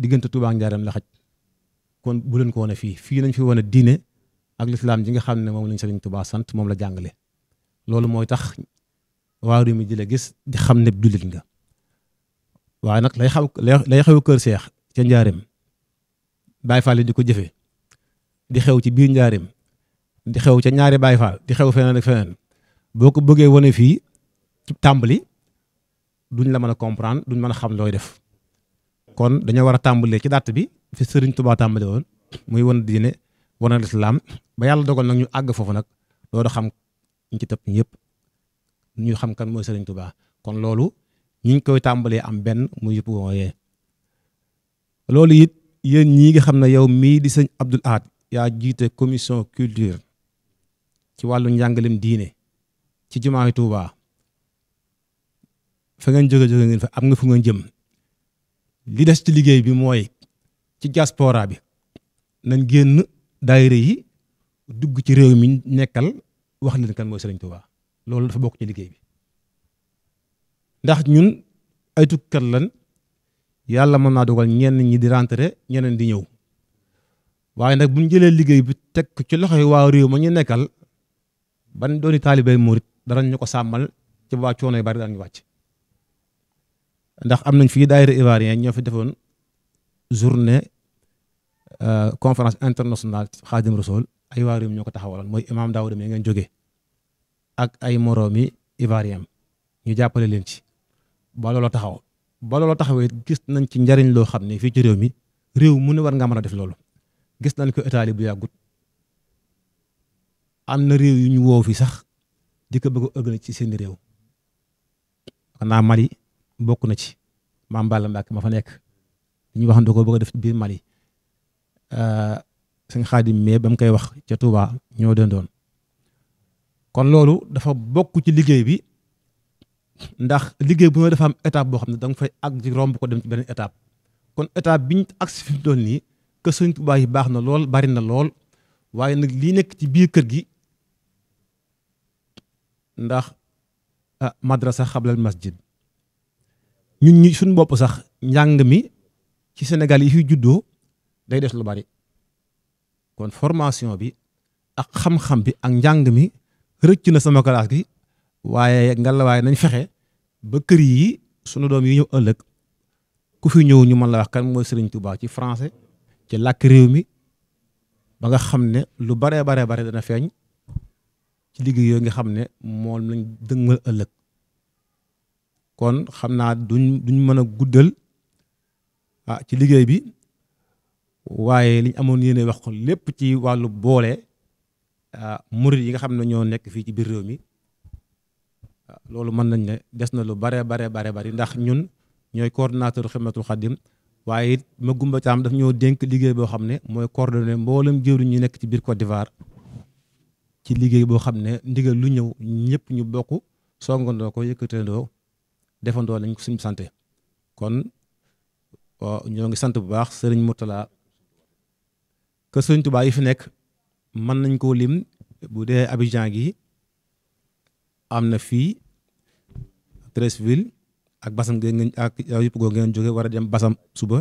diggante Touba Njaareem la xaj kon bu leen ko wane fii fii nañ fi wane diine ak lislaam ji nga xam ne moom lañ Sëriñ Touba sant moom la jàngale loolu mooy tax waa réew mi di la gis di xam ne jullit nga waaye nag lay xaw xew kër seex ca Njaareem Baay Fall di ko jëfe di xew ci biir Njaareem di xew ca ñaari Baay Faal di xew feneen ak boo ko bëggee wane fii ci tàmbali duñ la mën a comprendre duñ mën a xam looy def kon dañoo war a tàmbalee ci dàtt bi fi sëriñ tubaa tàmbali woon muy wan diine wan lislaam ba yàlla dogal nag ñu àgg foofu nag loolu xam ñu ci tëb ñëpp ñu xam kan mooy sëriñ Tuubaa kon loolu ñu ngi koy tàmbalee am benn muy yëpp wooyee loolu it yéen ñii nga xam ne yow mii di sëñ Abdul Ahad yaa jiite commission culture ci wàllu njàngalem diine ci jumaay Tuubaa fa ngeen jóge jóge ngeen am nga fu ngeen jëm li des ci liggéey bi mooy ci diaspora bi nañ génn daayira yi dugg ci réew mi nekkal wax leen kan mooy Sëriñ Tuubaa loolu dafa bokk ci liggéey bi ndax ñun ay tukkat lan yàlla mën naa dogal ñenn ñi di rentré ñeneen di ñëw waaye nag bu jëlee liggéey bi teg ci loxoy waa réew ma ñu nekkal ban dooni taalibay murit danañ ñu ko sàmmal ci waa coono yu bari daan ñu wàcc ndax am nañ fii daayira ivoirien ñoo fi defoon journée euh, conférence internationale xaadim rasool ay waa réew ñoo ko taxawaloon mooy imaam Daawuda mi nga jógee ak ay moroomi ivoirien ñu jàppale leen ci ba looloo taxaw ba looloo taxawee gis nañ ci njariñ loo xam ne fii ci réew mi réew mu ne war nga mën a def loolu gis nañ ko état bu yàggut am na réew yu ñu woo fi sax di ko bëgg a ëgg ci seen réew naa Mali bokk na ci maam Balla Mbàkke fa nekk ñu wax ne da koo a def ci biir Mali euh, sëñ Xaadim mais ba koy wax ca Touba ñoo dendoon kon loolu dafa bokk ci liggéey bi ndax liggéey bu ñoo dafa boo xam ne da fay àgg ci dem ci beneen étape kon étape bi ñu nii que Sëñ yi baax na lool bari na lool waaye nag lii nekk ci biir kër gi ndax ah, madrasa xablal masjid ñun ñi suñ bopp sax njàng mi ci Sénégal yi fi juddoo day des lu bari kon formation bi ak xam-xam bi ak njàng mi rëcc na sama classe gi waaye waaye nañ fexe ba kër yi sunu doom yi ñëw ëllëg ku fi ñëw ñu mën la wax kan mooy Serigne Touba ci français ci lakk réew mi ba nga xam ne lu baree baree bare dana feeñ. ci liggéey yooyu nga xam ne moom lañ dëng ëllëg kon xam naa duñ duñ mën a guddal ah ci liggéey bi waaye liñ amoon yéene wax lépp ci wàllu boole ah, murit yi nga xam ne ñoo nekk fii ci biir réew mi ah, loolu mën nañ ne des na lu bare bare bare bari ndax ñun ñooy coordonnateur Xidmatul Xaadim waaye it ma gumba caam daf ñoo denk liggéey boo xam ne mooy coordonné mboolem jëwriñ ñu nekk ci biir Côte d'Ivoire ci liggéey boo xam ne ndigal lu ñëw ñëpp ñu bokk songandoo ko yëkkatandoo defandoo lañ ko suñu santé kon ñoo ngi sant bu baax sëriñ Mourtala que sëriñ Tuubaa yi fi nekk mën nañ koo lim bu dee Abidjan gi am na fii Treichville ak Bassam ge ngeen joge yëpp goo ngeen war a dem Bassam suba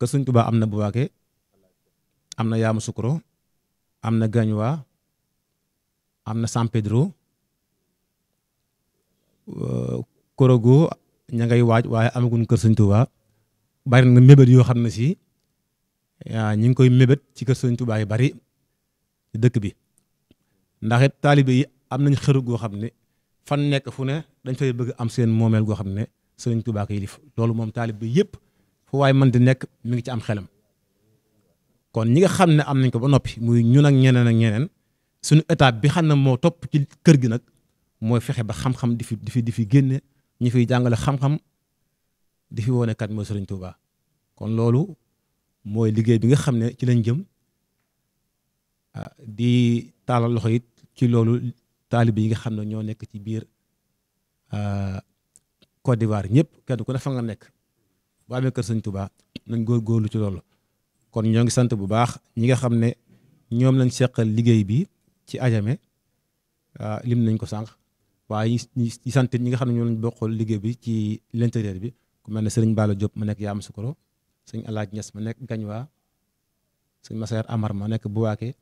que sëriñ am na Buwaake am na Yamoussoukro am na Gagnoa am na San Pedro euh, Korogo ña ngay waaj waaye amaguñ kër Sëñ Tuuba bari na mébét yoo xam ne si ñu ngi koy mébét ci kër Sëñ Tuuba yi bari dëkk bi ndax it taalibe am nañ xëru goo xam ne fan nekk fu ne dañ fay bëgg am seen moomeel goo xam ne Sëñ Tuuba ko yilif loolu moom taalibe bi yëpp fu waaye mën di nekk mi ngi ci am xelam kon ñi nga xam ne am nañ ko ba noppi muy ñun ak ñeneen ak ñeneen sunu étape bi xam na moo topp ci kër gi nag mooy fexe ba xam-xam di fi di fi di fi génne ñu fiy jàngale xam-xam di fi wone kat mooy Sëriñ Tuuba kon loolu mooy liggéey bi nga xam ne ci lañ jëm ah, di taalal loxo it ci loolu taalibe yi nga xam ne ñoo nekk ci biir ah, Côte d'Ivoire ñëpp kenn ku ne fa nga nekk boo amee kër Sëriñ Tuuba nañ góorgóorlu ci loolu kon ñoo ngi sant bu baax ñi nga xam ne ñoom lañ seqal liggéey bi ci Adjamé ah, lim nañ ko sànq waaye ñi sant ñi nga xam ne ñoo lañ bokkal liggéey bi ci l'intérieur bi ku mel ne sëriñ Bala Diop ma nekk Yamoussoukro sëriñ Alaaj Ñas ma nekk Gañwaa sëriñ Masar Amar ma nekk Buwaake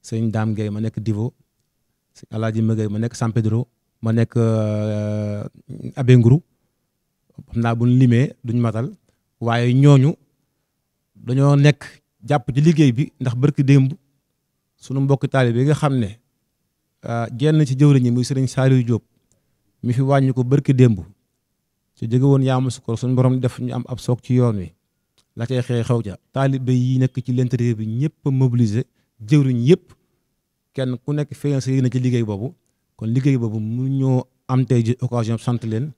sëriñ Dame Gueye ma nekk Divo sëriñ Alaaji Mëgey ma nekk San Pedro ma nekk euh, Abe Nguru xam naa buñ limee duñ matal waaye ñooñu dañoo nekk jàpp ci liggéey bi ndax barki démb sunu mbokki taalibe yi nga xam ne genn ah, ci jëwriñ ñi muy sëriñ Saliou Diop mu fi wàññi ko barki démb ci jóge woon yaamu sukkur suñu borom def ñu am ab soog ci yoon wi la cay xëy xew ca taalibe yii nekk ci l'intérieur bi ñëpp a jëwriñ yëpp kenn ku nekk feeñal sa yéene ci liggéey boobu kon liggéey boobu mu ñoo am tey ji occasion sant leen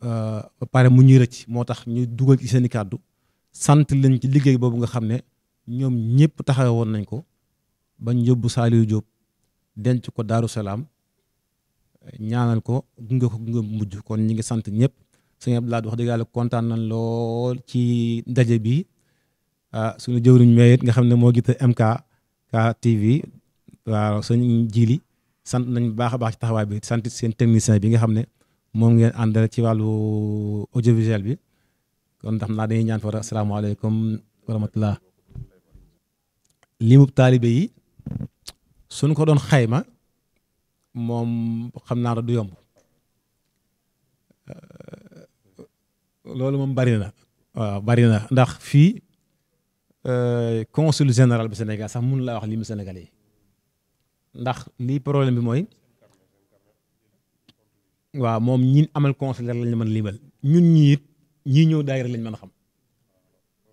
ah, ba pare mu ñuy ci moo tax ñu dugal ci seen i kàddu sant leen ci liggéey boobu nga xam ne ñoom ñëpp taxawe woon nañ ko bañ yóbbu Saliou Diop denc ko Daaru Salaam ñaanal ko gunge ko gunge mujj kon ñi ngi sant ñëpp sëñ Abdoulaye wax dëgg yàlla kontaan nañ lool ci ndaje bi ah suñu jëwriñ meyit nga xam ne moo gite MK TV waaw sëñ Jili sant nañ baax baax ci taxawaay bi sant seen technicien bi nga xam ne moom ngeen àndal ci wàllu audiovisuel bi kon ndax naa dañuy ñaan fa asalaamaaleykum wa rahmatullah limub taalibe yi suñ ko doon xayma moom xam naa du yomb euh, loolu moom bari na waaw bari na ndax fii euh, consul général bi Sénégal sax mun laa wax limu sénégalais yi ndax lii problème bi mooy waaw moom ñin amal consul rek lañ mën limal ñun ñii it ñii ñëw daayira lañ mën a xam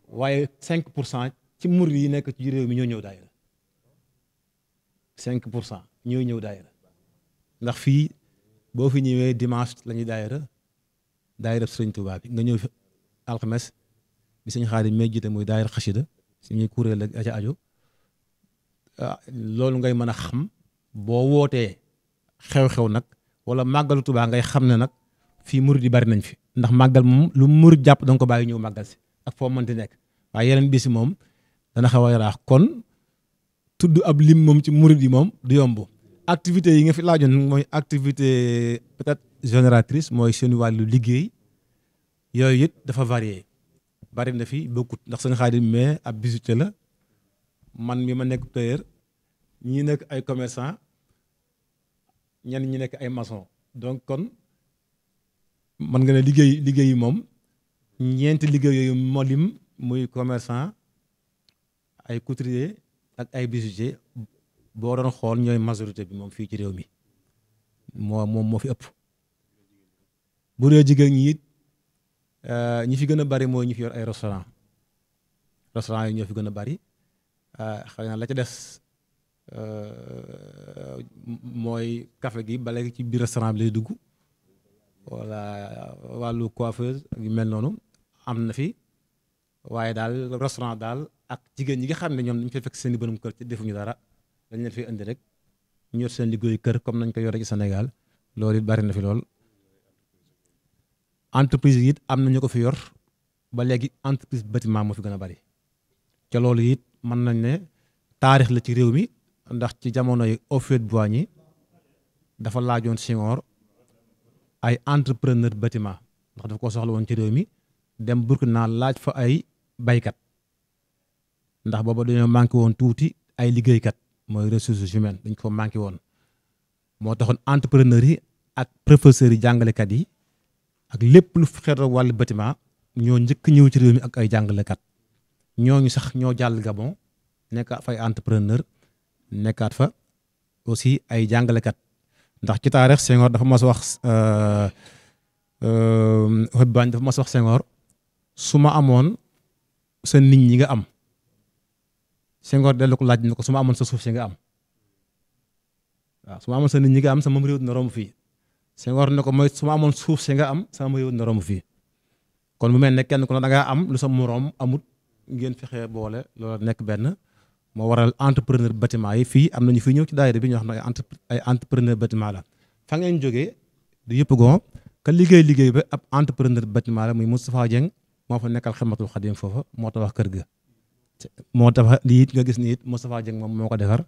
waaye ci murid yi nekk ci réew mi ñoo ñëw daayira cinq pour cent ñoo ñëw daayira ndax fii boo fi ñëwee dimanche la ñuy daayira daayira sëriñ Tuubaa bi nga ñëw fi alxames bi sëñ Xaadim may jiite muy daayira xasida suñuy kuréel ak ca ajo ah, loolu ngay mën a xam boo wootee xew-xew nag wala màggalu tubaa ngay xam ne nag fii murid yi bari nañ fi ndax màggal moom lu murid jàpp danga ko bàyyi ñëw màggal si ak foo mënti nekk waaye yeneen bis moom dana xaw a yaraax kon tudd ab lim moom ci murid yi moom du yomb activité yi nga fi laajoon mooy activité peut-être génératrice mooy seen wàllu liggéey yooyu it dafa varié bari na fi bokkut ndax seen xaadim mais ab bijoutier la man mi ma nekk tailleur ñi nekk ay commerçant ñenn ñi nekk ay maçon donc kon man nga ne liggéey liggéey yi moom ñeenti liggéey yooyu molim muy commerçant ay couturier ak ay bijoutier boo doon xool ñooy majorité bi moom fii ci réew mi moo moom moo fi ëpp bu dee jigéen ñi it euh, ñi fi gën a bari mooy ñi fi yor ay restaurant restaurant yi ñoo fi gën a bari euh, xëy na la ci des euh, mooy kafe gi ba léegi ci biir restaurant bi lay dugg wala wàllu coiffeuse yu mel noonu am na fi waaye daal restaurant daal ak jigéen ñi nga xam ne ñoom dañ fay fekk seen i bërëm kër ci defuñu dara dañ leen fiy indi rek ñu yor seen liggéeyu kër comme nañ ko yore ci Sénégal loolu it bari na fi lool. entreprise yi it am na ñu ko fi yor ba léegi entreprise bâtiment moo fi gën a bari ca loolu it mën nañ ne taarix la ci réew mi ndax ci jamono yi houphouët yi dafa laajoon Senghor ay entrepreneur bâtiment ndax dafa ko soxla woon ci réew mi dem Burkina laaj baykat ndax booba dañoo manqué woon tuuti ay liggéeykat mooy ressources humaines dañ koo manqué woon moo taxoon entrepreneur yi ak professeurs yi jàngalekat yi ak lépp lu xeetoo wàllu bâtiment ñoo njëkk ñëw ci réew mi ak ay jàngalekat ñooñu sax ñoo jàll Gabon nekkaat fay entrepreneur nekkaat fa aussi ay jàngalekat ndax ci taarix Senghor dafa mas wax euh, euh, Houphouët-Boigny dafa mas wax Senghor su ma amoon sa nit ñi nga am Senghor dellu ko laaj na ko su ma amoon sa suuf si nga am waaw su ma amoon sa am sama réew dina romb fii Senghor ne ko mooy su ma amoon suuf si nga am sama réew dina romb fii kon bu mel ne kenn ku ne da ngaa am lu sa moroom amut ngeen fexe boole loola nekk benn moo waral entrepreneur bâtiment yi fii am ñu fi ñëw ci daayira bi ñoo xam ne ay entrepreneur bâtiment la fa ngeen jógee du yëpp gon ka liggéey liggéey ba ab entrepreneur bâtiment la muy Moustapha Dieng moo fa nekkal xamatul xadim foofa moo wax kër ga moo tax lii it nga gis ni it Moustapha Dieng moom moo ko defar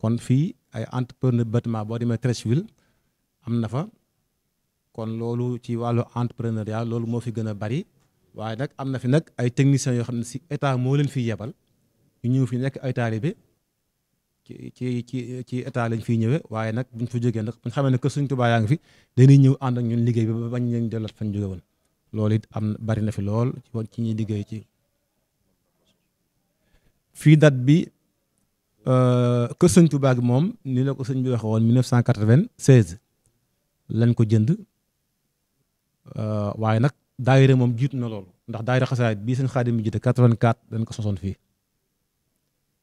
kon fii ay entrepreneur bâtiment boo demee Treichville am na fa kon loolu ci wàllu entrepreneuriat loolu moo fi gën a bari waaye nag am na fi nag ay techniciens yoo xam ne si état moo leen fi yebal ñu ñëw fi nekk ay taalibe ci ci ci ci état lañ fiy ñëwee waaye nag buñ fa jógee nag buñ xamee ne que Sëñ Tuubaa yaa ngi fi dañuy ñëw ànd ñun liggéey bi ba bañ leen fañ jóge woon loolu it am bari na fi lool ci ñuy liggéey ci fii date bi euh, kër sëñ Tuubaa gi moom ni la ko sëñ bi waxee woon 1996 lañ ko jënd euh, waaye nag daayira moom jiitu na loolu ndax daayira xasaayit bii sëñ Xaadim bi jiite 84 dañ ko sosoon fii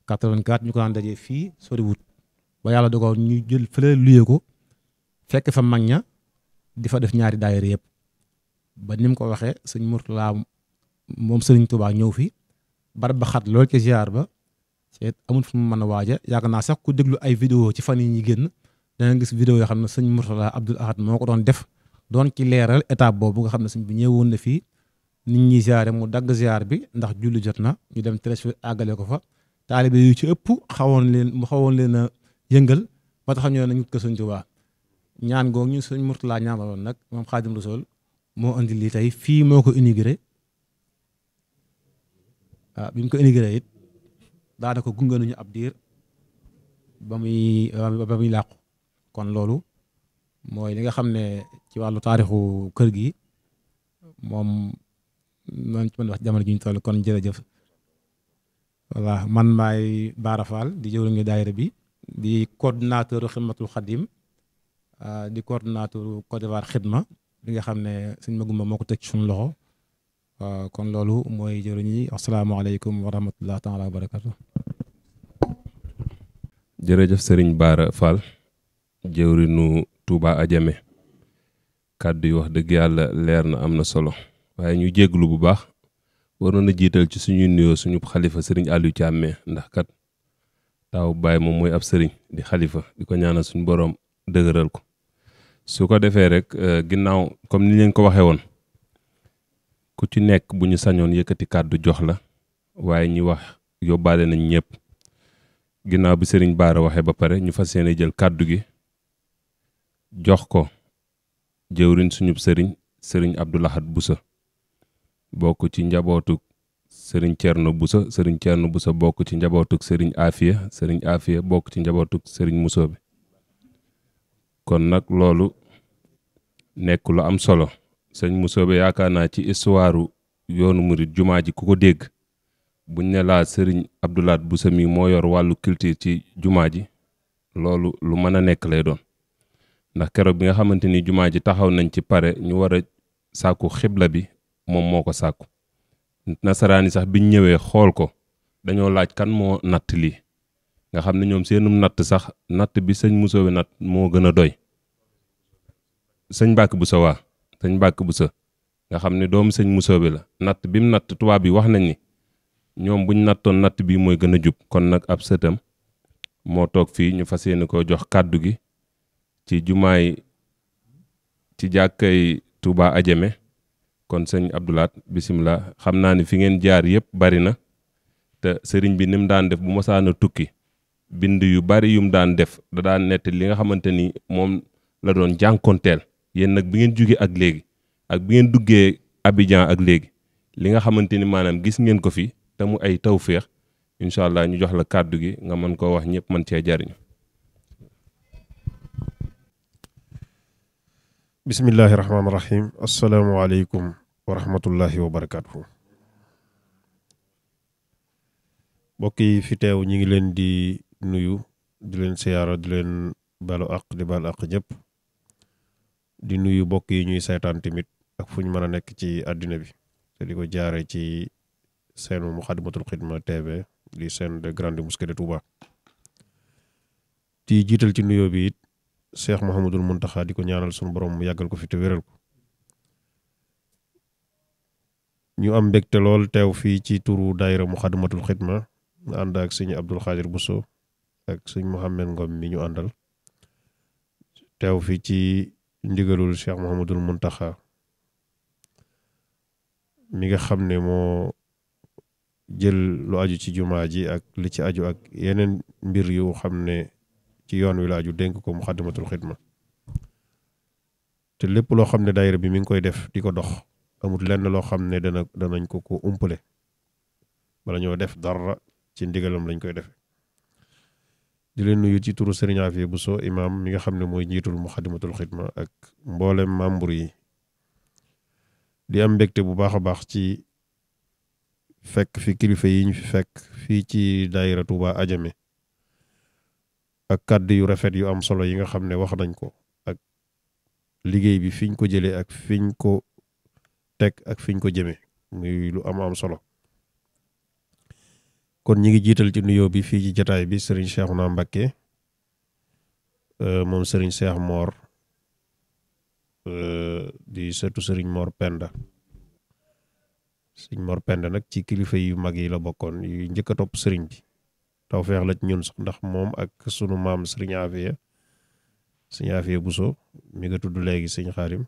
84 ñu ko daan dajee fii soriwut ba yàlla dogal ñu jël fële luyee ko fekk fa mag ña di fa def ñaari daayira yëpp ba ni mu ko waxee sëñ Mourtala moom sëñ tubaa ñëw fii barab ba xat lool ci ziar ba te amul fu mu mën a waaja yaakaar naa sax ku déglu ay vidéo ci fan yi ñi génn dana gis vidéo yoo xam ne sëñ Mourtala Abdoul Ahad moo ko doon def doon ci leeral étape boobu nga xam ne sëñ bi ñëwoon na fii nit ñi ziare mu dagg ziar bi ndax julli jot na ñu dem treize àggale ko fa taalibe yu ci ëpp xawoon leen mu xawoon leen a yëngal ba tax ñoo nañu ko sëñ Touba ñaan googu ñu sëñ Mourtala ñaanaloon nag moom Xaadim Rasuul moo andi lii tey fii moo ko inauguré waaw ah, bi mu ko inauguré it daanaka gunge nañu ab diir ba muy ba muy làqu kon loolu mooy li nga xam ne ci wàllu taarixu kër gi moom noonu ci mën wax jamono ji ñu toll kon jërëjëf voilà man maay Bara Fall di jëwriñu daayira bi di coordinateur xidmatul xadim ah, di coordinateur Côte d'Ivoire xidma bi nga xam ne sëñ Magumba moo ko teg ci suñu loxo kon loolu mooy jëriñ yi asalaamaaleykum wa rahmatulah taala wa barakatu. jërëjëf sëriñ Baara Fall jëwrinu Touba Adjamé kàddu yi wax dëgg yàlla leer na am na solo waaye ñu jégglu bu baax waroon na jiital ci suñuy nuyoo suñu xalifa sëriñ Aliou Thiamé ndax kat taaw baay moom mooy ab sëriñ di xalifa di ko ñaanal suñu boroom dëgëral ko su ko defee rek euh, ginnaaw comme ni leen ko waxee woon ku ci nekk bu ñu sañoon yëkkati kàddu jox la waaye ñi wax yóbbaale nañ ñëpp ginnaaw bi Serigne Bara waxee ba pare ñu fas yéene jël kàddu gi jox ko jëwriñ suñub Serigne Serigne Abdou Lahad Boussa bokk ci njabootuk Serigne Thierno Boussa Serigne Thierno Boussa bokk ci njabootuk Serigne Afia Serigne Afia bokk ci njabootuk Serigne Mousso bi kon nag loolu nekk lu am solo sëñ Musoobe yaakaar naa ci histoire yoonu murit jumaa ji ku ko dégg buñ ne laa sëriñ Abdoulaat Bousso mi moo yor wàllu culture ci jumaa ji loolu lu mën a nekk lay doon ndax keroog bi nga xamante ni jumaa ji taxaw nañ ci pare ñu war a sàkku xibla bi moom moo ko sàkku nasaraan yi sax biñ ñëwee xool ko dañoo laaj kan moo natt li nga xam ne ñoom seenum natt sax natt bi sëñ Moussa wi natt moo gën a doy sëñ Mbàkke bu waa sëñ bu Buso nga xam ne doomu sëñ Moussa bi la natt bi mu natt tubaab bi wax nañ ni ñoom buñ nattoon natt bi mooy gën a jub kon nag ab sëtam moo toog fii ñu fas yéene ko jox kàddu gi ci jumaa yi ci jàkkay Touba Adjamé kon sëñ Abdoulaat bisimilah xam naa ni fi ngeen jaar yëpp bari na te sëriñ bi ni daan def bu mosaana tukki bind yu bari yum daan def da daan nett li nga xamante ni moom la doon jànkonteel yéen nag bi ngeen jugee ak léegi ak bi ngeen duggee Abidjan ak léegi li nga xamante ni maanaam gis ngeen ko fi te mu ay tawféex incha allah ñu jox la kàddu gi nga mën koo wax ñëpp mën cee jariñu bismillahi rahmaani rahim asalaamualeykum wa rahmatullahi wa barakaatu. mbokk yi fi di nuyu di leen siyaara di leen balo àq di balu àq ñëpp di nuyu mbokk yi ñuy seetaan tamit ak fu ñu mën a nekk ci àddina bi te di ko jaare ci seen Moukhaddamatoul Khidma TV di seen de grande mosquée de di jiital ci nuyoo bi it Cheikh Mouhamadul Mountakha di ko ñaanal sunu borom mu yàggal ko fi te wéral ko ñu am mbégte lool teew fii ci turu daayira Moukhaddamatoul Khidma ànd ak sëñ Abdul Xaadir Bousso ak sëñ Mouhamed Ngom mi ñu àndal teew fi ci ndigalul Cheikh Mouhamadul Muntaxa mi nga xam ne moo jël lu aju ci jumaa ji ak li ci aju ak yeneen mbir yu xam ne ci yoon wi la aju dénk ko Muxaddamatul Xidma te lépp loo xam ne daayira bi mi ngi koy def di ko dox amut lenn loo xam ne dana danañ ko ko umpale bala ñoo def dara ci ndigalam lañ koy defe di leen nuyu ci turu Serigne Afia Bousso imaam mi nga xam ne mooy njiitul Muxaddamatul Xidma ak mboolem membre yi di am mbégte bu baax a baax ci fekk fi kilifa yi ñu fi fekk fii ci daayira Touba Adjamé ak kàddu yu rafet yu am solo yi nga xam ne wax nañ ko ak liggéey bi fiñ ko jëlee ak fiñ ko teg ak fiñ ko jëmee muy lu am am solo kon ñi ngi jiital ci nuyoo bi fii ci jataay bi sëriñ Cheikhouna Mbacké euh, moom sëriñ Cheikh Mor euh, di sëtu sëriñ moor Penda sëriñ Mor Penda nag ci kilifa yu mag yi la bokkoon yu njëkk a topp sëriñ bi taw feex la ci ñun ndax moom ak sunu maam sëriñ Afia sëriñ Afia Bousso mi nga tudd léegi sëriñ Xaarim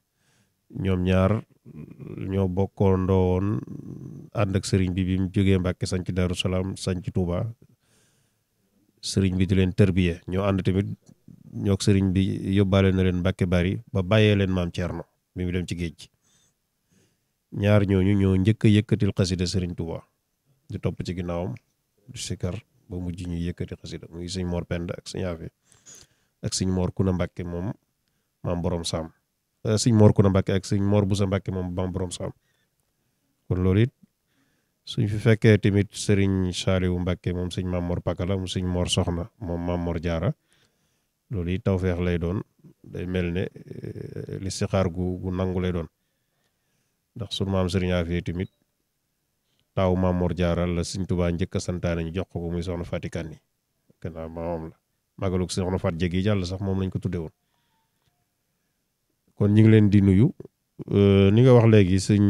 ñoom ñaar ñoo bokkoondoo woon ànd sëriñ bi bi mu jógee Mbàkke sanc Daaru Salaam sanc Tuuba sëriñ bi di leen tërbiye ñoo ànd tamit ñoo sëriñ bi yóbbaale na leen Mbàkke bari ba bàyyee leen maam Thierno bi mu dem ci géej gi ñaar ñooñu ñoo njëkk a yëkkatil xasida sëriñ Tuuba di topp ci ginnaawam du sikar ba mujj ñuy yëkkati xasida muy sëñ Mor Penda ak sëñ Afe ak sëñ Mor Kuna Mbàkke moom maam borom Saam Eh, sëñ Mor Kuna Mbàkke ak sëñ Mor Busa mbakke moom bam borom kon loolu it suñ fi fekkee tamit sëriñ Saaliwu Mbàkke moom sëñ Maam Mor Pakala moom sëñ Mor Soxna moom Maam Mor Jaara loolu it feex lay doon day mel ne eh, listixaar gu gu nangu lay doon ndax sunu maam sëriñ Afiya tamit taaw Maam moor Jaara la sëñ Tubaa njëkk a santaane ñu jox ko ko muy soxna Fatikan yi gannaaw maamam la magalug soxna Fat Jég yi jàll sax moom lañ ko tudde woon kon ñu ngi leen di nuyu euh, ni nga wax léegi sëñ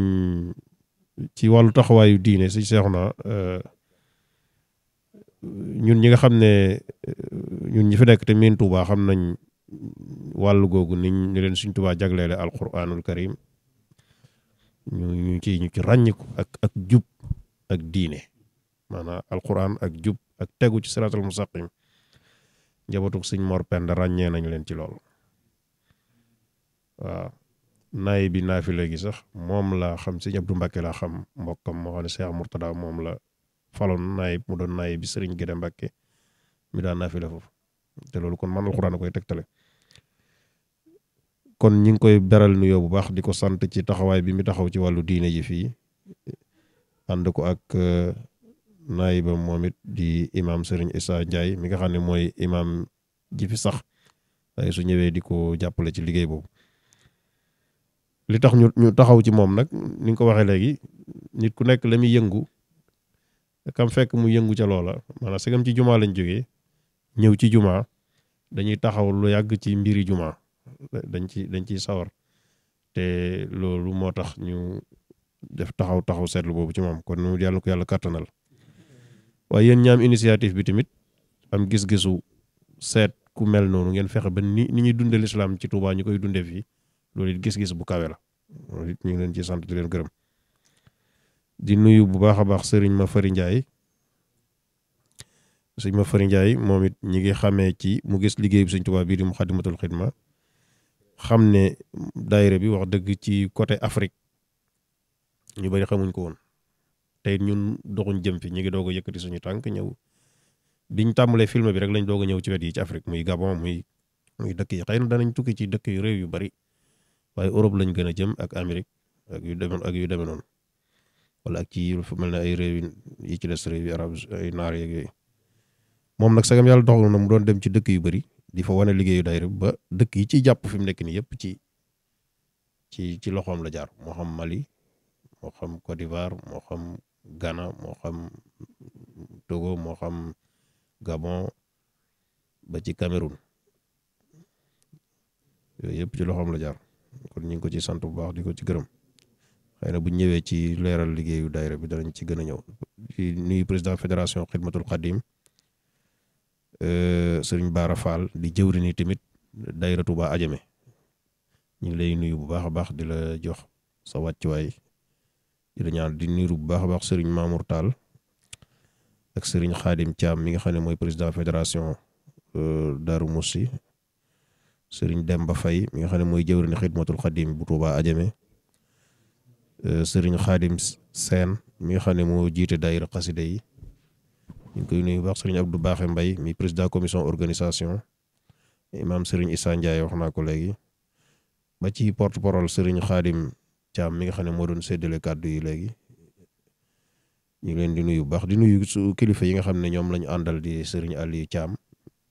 ci wàllu taxawaayu diine sëñ Seexuna euh, ñun ñi nga xam ne euh, ñun ñi fi nekk te miin Tuubaa xam nañ wàllu googu niñ ñu leen suñ Tuubaa jagleele alquranul karim ñu ñu ci ñu ci ràññiku ak ak jub ak diine maanaam alquran ak jub ak tegu ci siraatal mustaqim njabootu sëñ moor Penda ràññee nañ leen ci loolu waaw naay bi naafila gi sax moom laa xam sëñ Abdou Mbacke laa xam mbokkam moo xam ne Cheikh moom la faloon naay mu doon naay bi sëriñ Gédé Mbacke mi daan naafila te loolu kon man alxuraan koy teg tegtale kon ñi ngi koy beral nuyoo bu baax di ko sant ci taxawaay bi mi taxaw ci wàllu diine ji fii ànd ko ak euh, naayba moom it di imaam Serigne Issa Ndiaye mi nga xam ne mooy imaam ji fi sax a su ñëwee di ko jàppale ci liggéey boobu li tax ñu ñu taxaw ci moom nag ni ko waxee léegi nit ku nekk la muy yëngu kam fekk mu yëngu ca loola maanaam segam ci jumaa lañ jóge ñëw ci jumaa dañuy taxaw lu yàgg ci mbiri jumaa dañ ci dañ ciy sawar te loolu moo tax ñu def taxaw taxaw seetlu boobu ci moom kon nu yàlla ko yàlla kàttanal waaye yéen ñaam initiative bi tamit am gis-gisu seet ku mel noonu ngeen fexe ba ni ni ñuy dundee lislaam ci Tuubaa ñu koy dundee fii loolu it gis-gis bu kawe la loolu it ñu ngi leen ci sant di leen gërëm nuyu bu baax a baax sëriñ ma fari Ndiaye sëriñ ma fari Ndiaye moom it ñi ngi xamee ci mu gis liggéey bi sëriñ bii di Muxaddamatul Xidma xam ne daayira bi wax dëgg ci côté Afrique ñu bari xamuñ ko woon tey ñun doxuñ jëm fi ñu ngi doog a yëkkati suñu tànk ñëw biñ tàmbalee film bi rek lañ doog a ñëw ci wet yi ci Afrique muy Gabon muy muy dëkk yi xëy na danañ tukki ci dëkk yu réew yu bari waaye Europe lañ gën a jëm ak Amérique ak yu demee ak yu demee noonu wala ak ci fu mel ne ay réew yi ci des réew yi ay naar yeeg yooyu moom nag sagam yàlla doxal na mu doon dem ci dëkk yu bëri di fa wane liggéeyu daayira ba dëkk yi ciy jàpp fi mu nekk nii ci ci ci loxoom la jaar moo xam Mali moo xam Côte d'Ivoire moo xam Ghana moo xam Togo moo xam Gabon ba ci Cameroun yooyu yëpp ci loxoom la jaar. kon ñu ngi ko ci sant bu baax di ko ci gërëm xëy na bu ñëwee ci leeral liggéeyu daayira bi danañ ci gën a ñëw ci nuyu président fédération xidmatul xadim euh, sëriñ Baara Fall di jëwri ni tamit daayira Touba ajame ñu ngi lay nuyu bu baax a baax di la jox sa wàccuwaay di la ñaan di nuyu bu baax a baax sëriñ Mamour Tall ak sëriñ Xaadim Thiam mi nga xam ne mooy président fédération euh, Darou Moussi sëriñ Demba fay mi nga xam ne mooy jëwriñ xidmatul xadim bu Touba Adjamé euh, sëriñ xaadim seen mi nga xam ne moo jiite daayira xasida yi ñu ngi koy nuyu baax sëriñ Abdou Baaxe Mbay mi président commission organisation imaam sëriñ Issa Ndiaye wax naa ko léegi ba ci porte parole sëriñ xaadim Thiam mi nga xam ne moo doon séddale kàddu yi léegi ñu ngi leen di nuyu bu baax di nuyu su kilifa yi nga xam ne ñoom la ñu àndal di sëriñ Aliou Thiam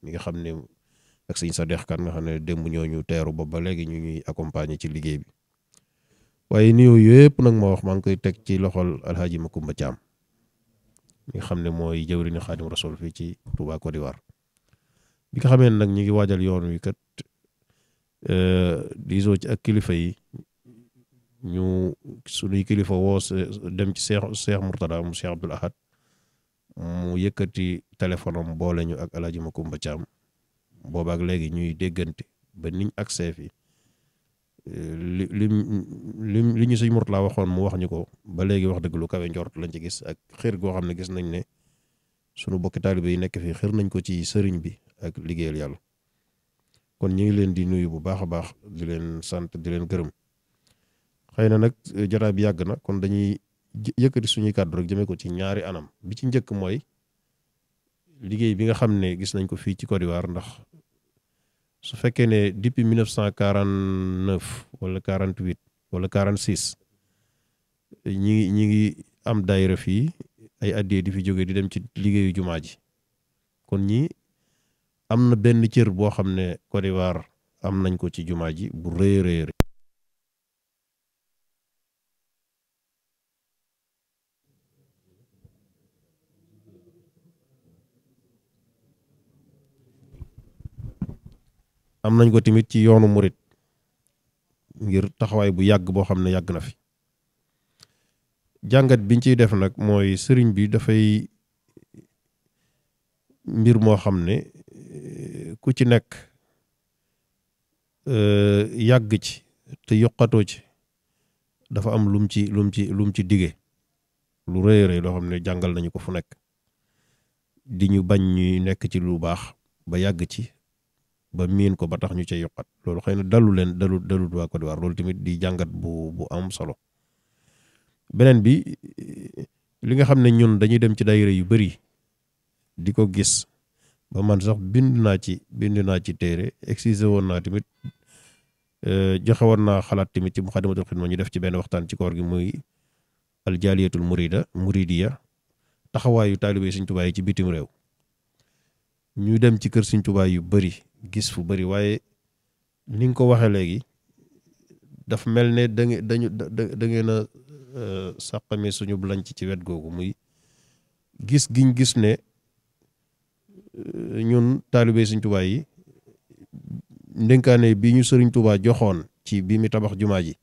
mi nga xam ne ak sëñ Sadex Kan nga xam ne démb ñu teeru ba ba léegi ñu ñuy accompagner ci liggéey bi waaye nuyoo yëpp nag ma wax maa ngi koy teg ci loxol Alhaji Makumba Caam mi nga xam ne mooy jëwriñu Xaadim Rasul fii ci Touba Côte d'Ivoire bi nga xamee nag ñu ngi waajal yoon wi kat euh, diisoo ci ak kilifa yi ñu suñuy kilifa woo dem ci seex seex Murtada mu seex Abdul Ahad mu yëkkati téléphone am boole ñu ak Alhaji Makumba Caam boobaak léegi ñuy déggante ba niñ accès fi li li li ñu sëñ Mourtala waxoon mu wax ñu ko ba léegi wax dëgg lu kawe njort lañ ci gis ak xër goo xam ne gis nañ ne sunu bokki taalibe yi nekk fii xër nañ ko ci sëriñ bi ak liggéeyal yàlla kon ñu ngi leen di nuyu bu baax a baax di leen sant di leen gërëm xëy na nag eh, jotaay bi yàgg na kon dañuy yëkkati suñuy kàddu rek jëmee ko ci ñaari anam bi ci njëkk mooy liggéey bi nga xam ne gis nañ ko fii ci Côte d'Ivoire ndax su fekkee ne depuis 1949 wala 48 wala 46 ñi ngi ñi ngi am daayira fii ay addee di fi jóge di dem ci liggéey jumaa ji kon ñi am na benn cër boo xam ne Côte waar am nañ ko ci jumaa ji bu rëy am nañ ko tamit ci yoonu murit ngir taxawaay bu yàgg boo xam ne yàgg na fi jàngat biñ ciy def nag mooy sëriñ bi dafay mbir moo xam ne eh, ku ci nekk eh, yàgg ci te yokkatoo ci dafa am lum ci lum ci lum ci dige lu rëy rëy loo xam ne jàngal nañu ko fu nekk di ñu bañ ñuy nekk ci lu baax ba yàgg ci ba miin ko ba tax ñu cay yokkat loolu xëy na dalu leen dalu dalut waa Côte d'Ivoire loolu tamit di jàngat bu bu am solo beneen bi li nga xam ne ñun dañuy dem ci daayira yu bari di ko gis ba man sax bind naa ci bind naa ci téere excisé woon naa tamit e, joxe woon naa xalaat tamit ci Muxaddamatul Xidma ñu def ci benn waxtaan ci koor gi muy aljaaliyatul murida muridiya taxawaayu taalibe Sëñ Tuubaa yi ci bitim réew ñu dem ci kër Sëñ Tuubaa yu bari gis fu bari waaye ni nga ko waxee léegi daf mel ne da ngeen dañu da ngeen a euh, sàqame suñu blanc ci wet googu muy gis giñ gis ne euh, ñun taalibe Sëriñ Tuubaa yi ndénkaane bi ñu Sëriñ Tuubaa joxoon ci bi mi tabax jumaa ji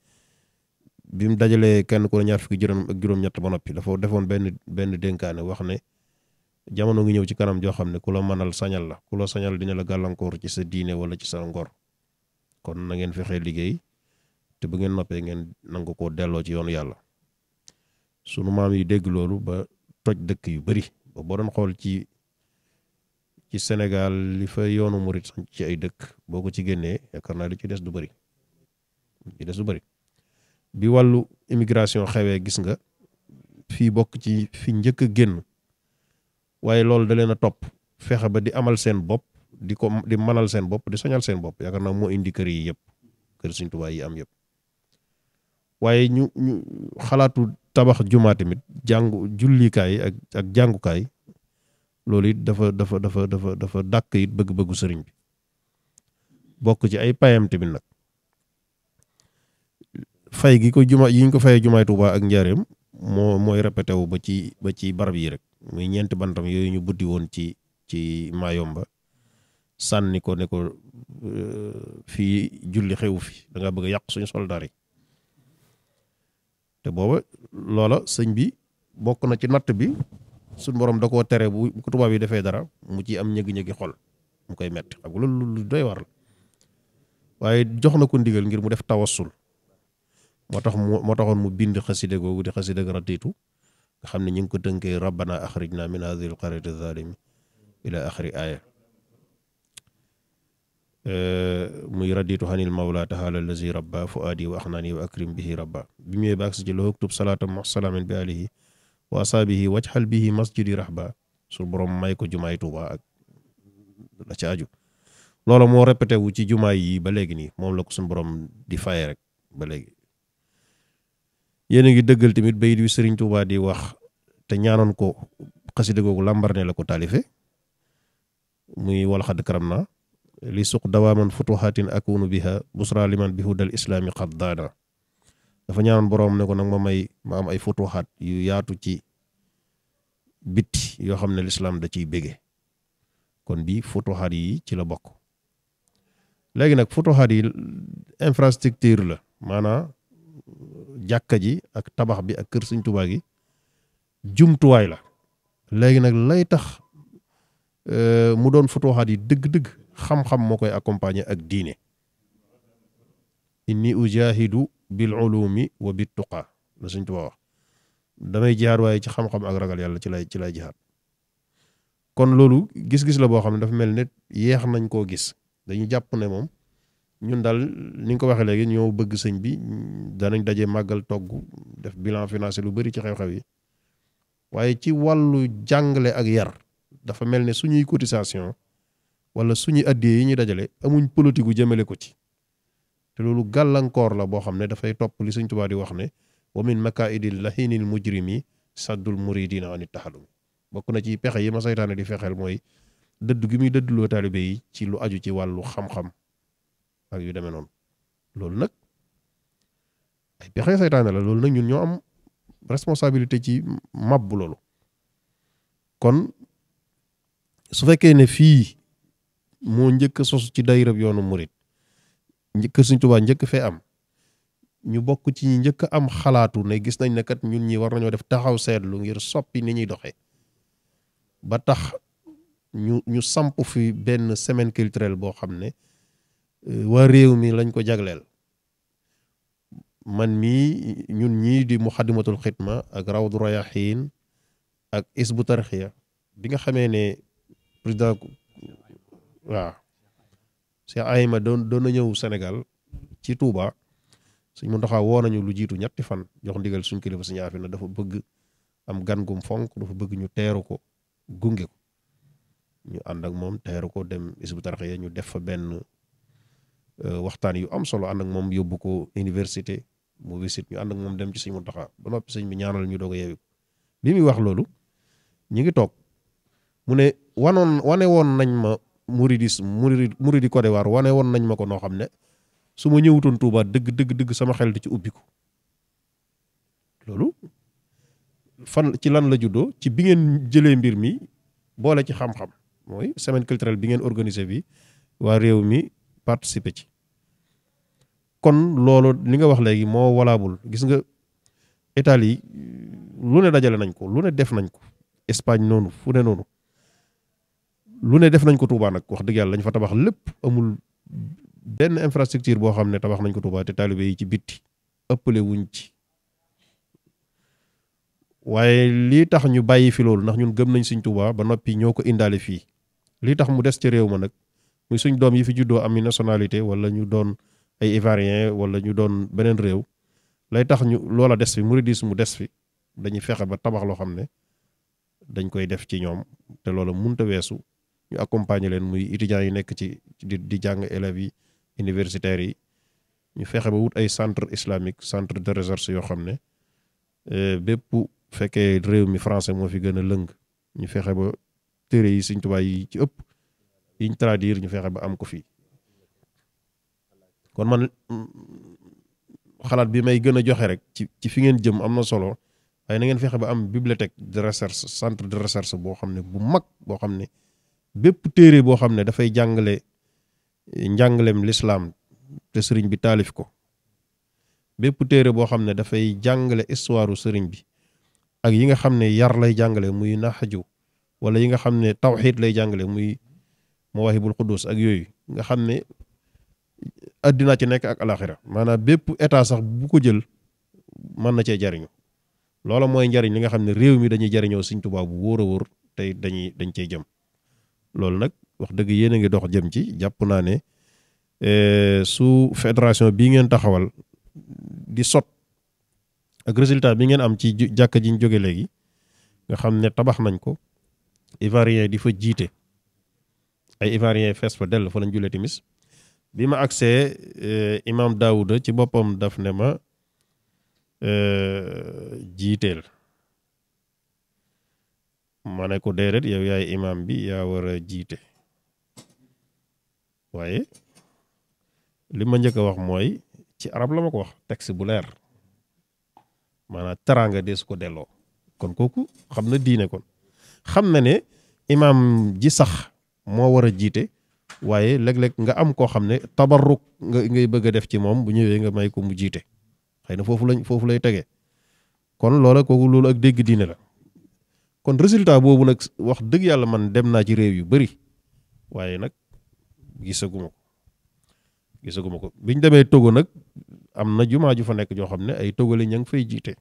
bi mu dajalee kann ku ne ñaar fukki juróom ak juróom-ñett ba noppi dafa defoon benn benn dénkaane wax ne jamono ngi ñëw ci kanam joo xam ne ku la mënal sañal la ku la sañal dina la gàllankoor ci sa diine wala ci sa ngor kon nangeen ngeen liggéey te bu ngeen noppee ngeen nangu koo delloo ci yoonu yàlla sunu maam yi dégg loolu ba toj dëkk yu bari ba boo doon xool ci ci Sénégal li fa yoonu murit ci ay dëkk boo ko ci génnee yaakaar naa li ci des du bari ci des du bari bi wàllu immigration xewee gis nga fii bokk ci fii njëkk a génn waaye loolu da leen a topp fexe ba di amal seen bopp di ko di manal seen bopp di sañal seen bopp yaakaar naa moo indi kër yi yëpp kër Sëriñ Tuubaa yi am yëpp waaye ñu ñu xalaatu tabax jumaa tamit jàngu jullikaay ak ak jàngukaay loolu it dafa dafa dafa dafa dafa dàkk it bëgg-bëggu sëriñ bi bokk ci ay payam tamit nag fay gi ko juma yi ñu ko fayee jumaay Tuubaa ak njaareem moo mooy répété ba ci ba ci barab yi rek muy ñeenti bantam yooyu ñu buddi woon ci ci Mayomba sànni ko ne ko euh, fii julli xewu fi danga bëgg a yàq suñu soldaar yi te booba loola sëñ bi bokk na ci natt bi suñ borom da koo tere bu ko tubaab yi defee dara mu ci am ñëgi-ñëgi xol mu koy metti xam nga lu doy war la waaye jox na ko ndigal ngir mu def tawasul moo tax moo taxoon mu bind xaside googu di xaside garatiitu nga xam ne ñu ngi ko tënkee rabbana axrijna min hadhihi alqaryati zalimi ila axri aaya muy raditu xanil mawla taxaala allazi rabba fuaadi wa axnaani wa akrim bihi rabba bi mu loo uktub salaatan ma salaamin bi alihi wa asaabihi wajxal bihi masjidi rahba su borom may ko jumaay Tuuba ak la moo répété wu ci jumaay yi ba léegi nii moom la ko suñu borom di faye rek ba yéen a ngi dëggal tamit bayit wi Serigne Touba wax te ñaanoon ko xasida googu làmbar ne la ko taalife muy wal xad karam na li suq dawaaman futuhaatin akunu biha busra liman bi hudal islaami dafa ñaanoon boroom ne ko nag ma may ma am ay futuhaat yu yaatu ci biti yoo xam ne lislaam da ciy bége kon bi futuhaat yi ci la bokk léegi nag futuhaat yi la maanaa jàkka ji ak tabax bi ak kër suñ Tuubaa gi jumtuwaay la léegi nag lay tax euh, mu doon futuxaat yi dëgg-dëgg xam-xam moo koy accompagner ak diine inni ujahidu bil ulumi wa bit tuqa la Sëñ Tuubaa wax damay jihaad waaye ci xam-xam ak ragal yàlla ci lay ci lay jihaad kon loolu gis-gis la boo xam ne dafa mel ne yeex nañ koo gis dañu jàpp ne moom ñun daal ni nga ko waxee léegi ñoo bëgg sëñ bi danañ daje màggal togg def bilan financé lu bari ci xew-xew yi waaye ci wàllu jàngale ak yar dafa mel ne suñuy cotisation wala suñuy addiyee yi ñu dajale amuñ politique gu jëmale ko ci te loolu gàllankoor la boo xam ne dafay topp li sëñ Tuubaa di wax ne wa min makaidil lahinil mujrimi saddul muridina anit taxalum bokk na ci pexe yi ma saytaane di fexeel mooy dëdd gi muy dëddloo taalibe yi ci lu aju ci wàllu xam ak yu demee noonu loolu nag ay pexe saytaane la loolu nag ñun ñoo am responsabilité ci mabbu loolu kon su fekkee ne fii moo njëkk sosu sos ci dayrab yoonu murit njëkk Sëñ Tuubaa njëkk fee am ñu bokk ci ñi njëkk am xalaatu ne gis nañ ne kat ñun ñi war nañoo def taxaw seetlu ngir soppi ni ñuy doxee ba tax ñu ñu samp fi benn semaine culturelle boo xam ne Euh, waa réew mi lañ ko jagleel man mii ñun ñii di mu muxadimatul xidma ak rawdu rayaxiin ak isbu tarxiya bi nga xamee ne président waaw Cheikh Ayma doon doon na ñëw Sénégal ci Touba suñ mu ndoxaa woo nañu lu jiitu ñetti fan jox ndigal suñ kilifa suñu affaire dafa bëgg am gan gum fonk dafa bëgg ñu teeru ko gunge ko ñu ànd ak moom teeru ko dem isbu tarxiya ñu def fa benn Euh, waxtaan yu am solo ànd ak moom yóbbu ko université mu wisit ñu ànd ak moom dem ci sëñ Muntaxa ba noppi sëñ bi ñaanal ñu doog a yeewi bi muy wax loolu ñu ngi toog mu ne wanoon wane woon nañ ma muridis murid muridi Côte d'Ivoire wane woon nañ ma ko noo xam ne su ma ñëwutoon Touba dëgg dëgg dëgg sama xel di ci ubbiku loolu fan ci lan la juddoo ci bi ngeen jëlee mbir mi boole ci xam-xam mooy semaine culturelle bi ngeen organisé bi waa réew mi participer ci kon loolu li nga wax léegi moo walaabul gis nga Italie lu ne dajale nañ ko lu ne def nañ ko Espagne noonu fu ne noonu lu ne def nañ ko tuubaa nag wax dëgg yàlla lañ fa tabax lépp amul benn infrastructure boo xam ne tabax nañ ko Touba te taalibe yi ci bitti ëppale wuñ ci waaye lii tax ñu bàyyi fi loolu ndax ñun gëm nañ Sëñ Touba ba noppi ñoo ko indaale fii lii tax mu des ci réew ma nag muy suñ doom yi fi juddoo am nationalité wala ñu doon ay ivoirien wala ñu doon beneen réew lay tax ñu loola des fi mouridisme mu des fi dañuy fexe ba tabax loo xam ne dañ koy def ci ñoom te loola munta weesu ñu accompagner leen muy étudiants yi nekk ci di di jàng élèves yi universitaires yi ñu fexe ba wut ay centre islamique centre de recherche yoo xam ne euh, bépp fekkee réew mi français moo fi gën a lëng ñu fexe ba téere yi Sëñ Tuubaa yi ci ëpp yiñ traduire ñu fexe ba am ko fii kon man xalaat bi may gën a joxe rek ci ci fi ngeen jëm am na solo waaye na ngeen fexe ba am bibliothèque de recherche centre de recherche boo xam ne bu mag boo xam ne bépp téere boo xam ne dafay jàngale eh, njàngalem lislaam te sëriñ bi taalif ko bépp téere boo xam ne dafay jàngale histoire sëriñ bi ak yi nga xam ne yar lay jàngale muy naxaju wala yi nga xam ne tawxiit lay jàngale muy moo Mawaahibul Quddus ak yooyu nga xam ne addinaa ci nekk ak alaxira maanaam bépp état sax bu ko jël mën na cee jariño loola mooy njariñ li nga xam ne réew mi dañuy jariñoo Sëñ Tuubaa bu wóor a wóor tey dañuy dañ cey jëm loolu nag wax dëgg yéen a ngi dox jëm ci jàpp naa ne e, su fédération bii ngeen taxawal di sot ak résultat bi ngeen am ci jàkka jiñ ñu jóge léegi nga xam ne tabax nañ ko ivoirien di fa jiite ay ivoirien fees fa dell fa lañ jullee timis bi ma agsee eh, imam daawuda ci boppam daf ne ma eh, jiiteel ma ne ko déedéet yow yaay imam bi yaa war a jiite waaye li ma njëkk a wax mooy ci arab la ma ko wax texte bu leer maanaam teraanga dee su ko delloo kon kooku xam na diine kon xam na ne imam ji sax moo war a jiite waaye léeg-léeg nga am koo xam ne tabarruk nga ngay bëgg a def ci moom bu ñëwee nga may ko mu jiite xëy na foofu lañ foofu lay tege kon loola kooku loolu ak dégg diine la kon résultat boobu nag wax dëgg yàlla man dem naa ci réew yu bari waaye nag gisaguma ko gisaguma ko biñ demee Togo nag am na jumaa ju fa nekk joo xam ne ay togale ña ngi fay jiite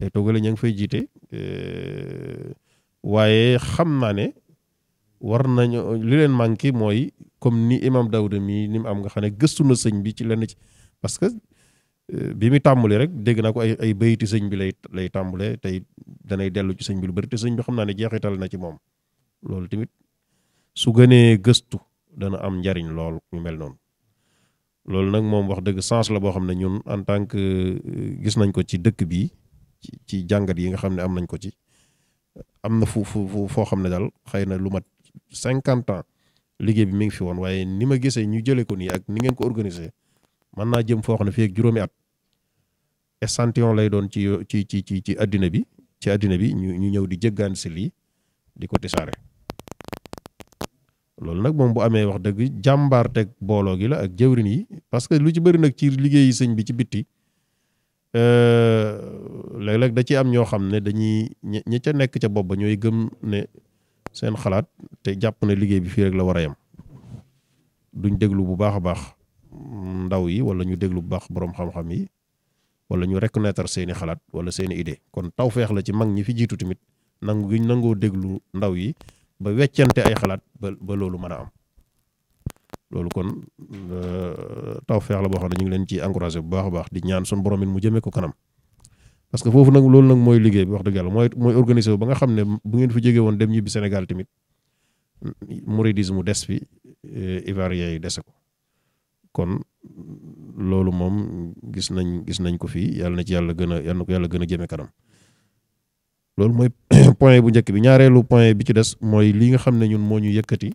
ay togale ña ngi fay jiite eh, waaye xam naa ne war nañu li leen manqué mooy comme ni imam Daouda mii ni mu am nga xam ne gëstu na sëñ bi ci lenn ci parce que euh, bi mu tàmbali rek dégg naa ko ay ay bayiti sëñ bi lay lay tàmbale tey danay dellu ci sëñ bi lu bari te sëñ bi xam naa ne jeexital na ci moom loolu tamit su gënee gëstu dana am njariñ lool ñu mel noonu loolu nag moom wax dëgg sens la boo xam ne ñun en tant que euh, gis nañ ko ci dëkk bi ci ci jàngat yi nga xam ne am nañ ko ci am na fu foo xam ne daal xëy na lu mat cinquante ans liggéey bi mi ngi fi woon waaye ni ma gisee ñu jëlee ko nii ak ni ngeen ko organiser mën naa jëm foo xam ne fii ak juróomi at échantillon lay doon ci ci ci ci ci addina bi ci addina bi ñu ñu ñëw di jëggaan si lii di ko tisaare loolu nag moom bu amee wax dëgg jàmbaar teg booloo gi la ak jëwrin yi parce que lu ci bëri nag ci liggéey sëñ bi ci bitti euh, léeg-léeg da ci am ñoo xam ne dañuy ñi ca nekk ca bopp ba ñooy gëm ne seen xalaat te jàpp na liggéey bi fii rek la war a yem duñ déglu bu baax a baax ndaw yi wala ñu déglu bu baax boroom xam-xam yi wala ñu reconnaître seeni xalaat wala seeni idée kon tawfeex la ci mag ñi fi jiitu tamit nangu gi nangoo déglu ndaw yi ba weccante ay xalaat ba ba loolu mën a am loolu kon euh, tawfeex la boo xam ne ñu ngi leen ci encouragé bu baax baax di ñaan sun borom it mu jëmee ko kanam parce que foofu nag loolu nag mooy liggéey bi wax dëgg mooy mooy organiser wu ba nga xam ne bu ngeen fa jóge woon dem ñibbi Sénégal tamit mouridisme des fi eh, ivoirien yi dese ko kon loolu moom gis nañ gis nañ ko fii yàlla na ci yàlla gën a yàlla na ko yàlla gën a jëme kanam loolu mooy point bu njëkk bi ñaareelu point bi ci des mooy li nga xam ne ñun moo ñu yëkkati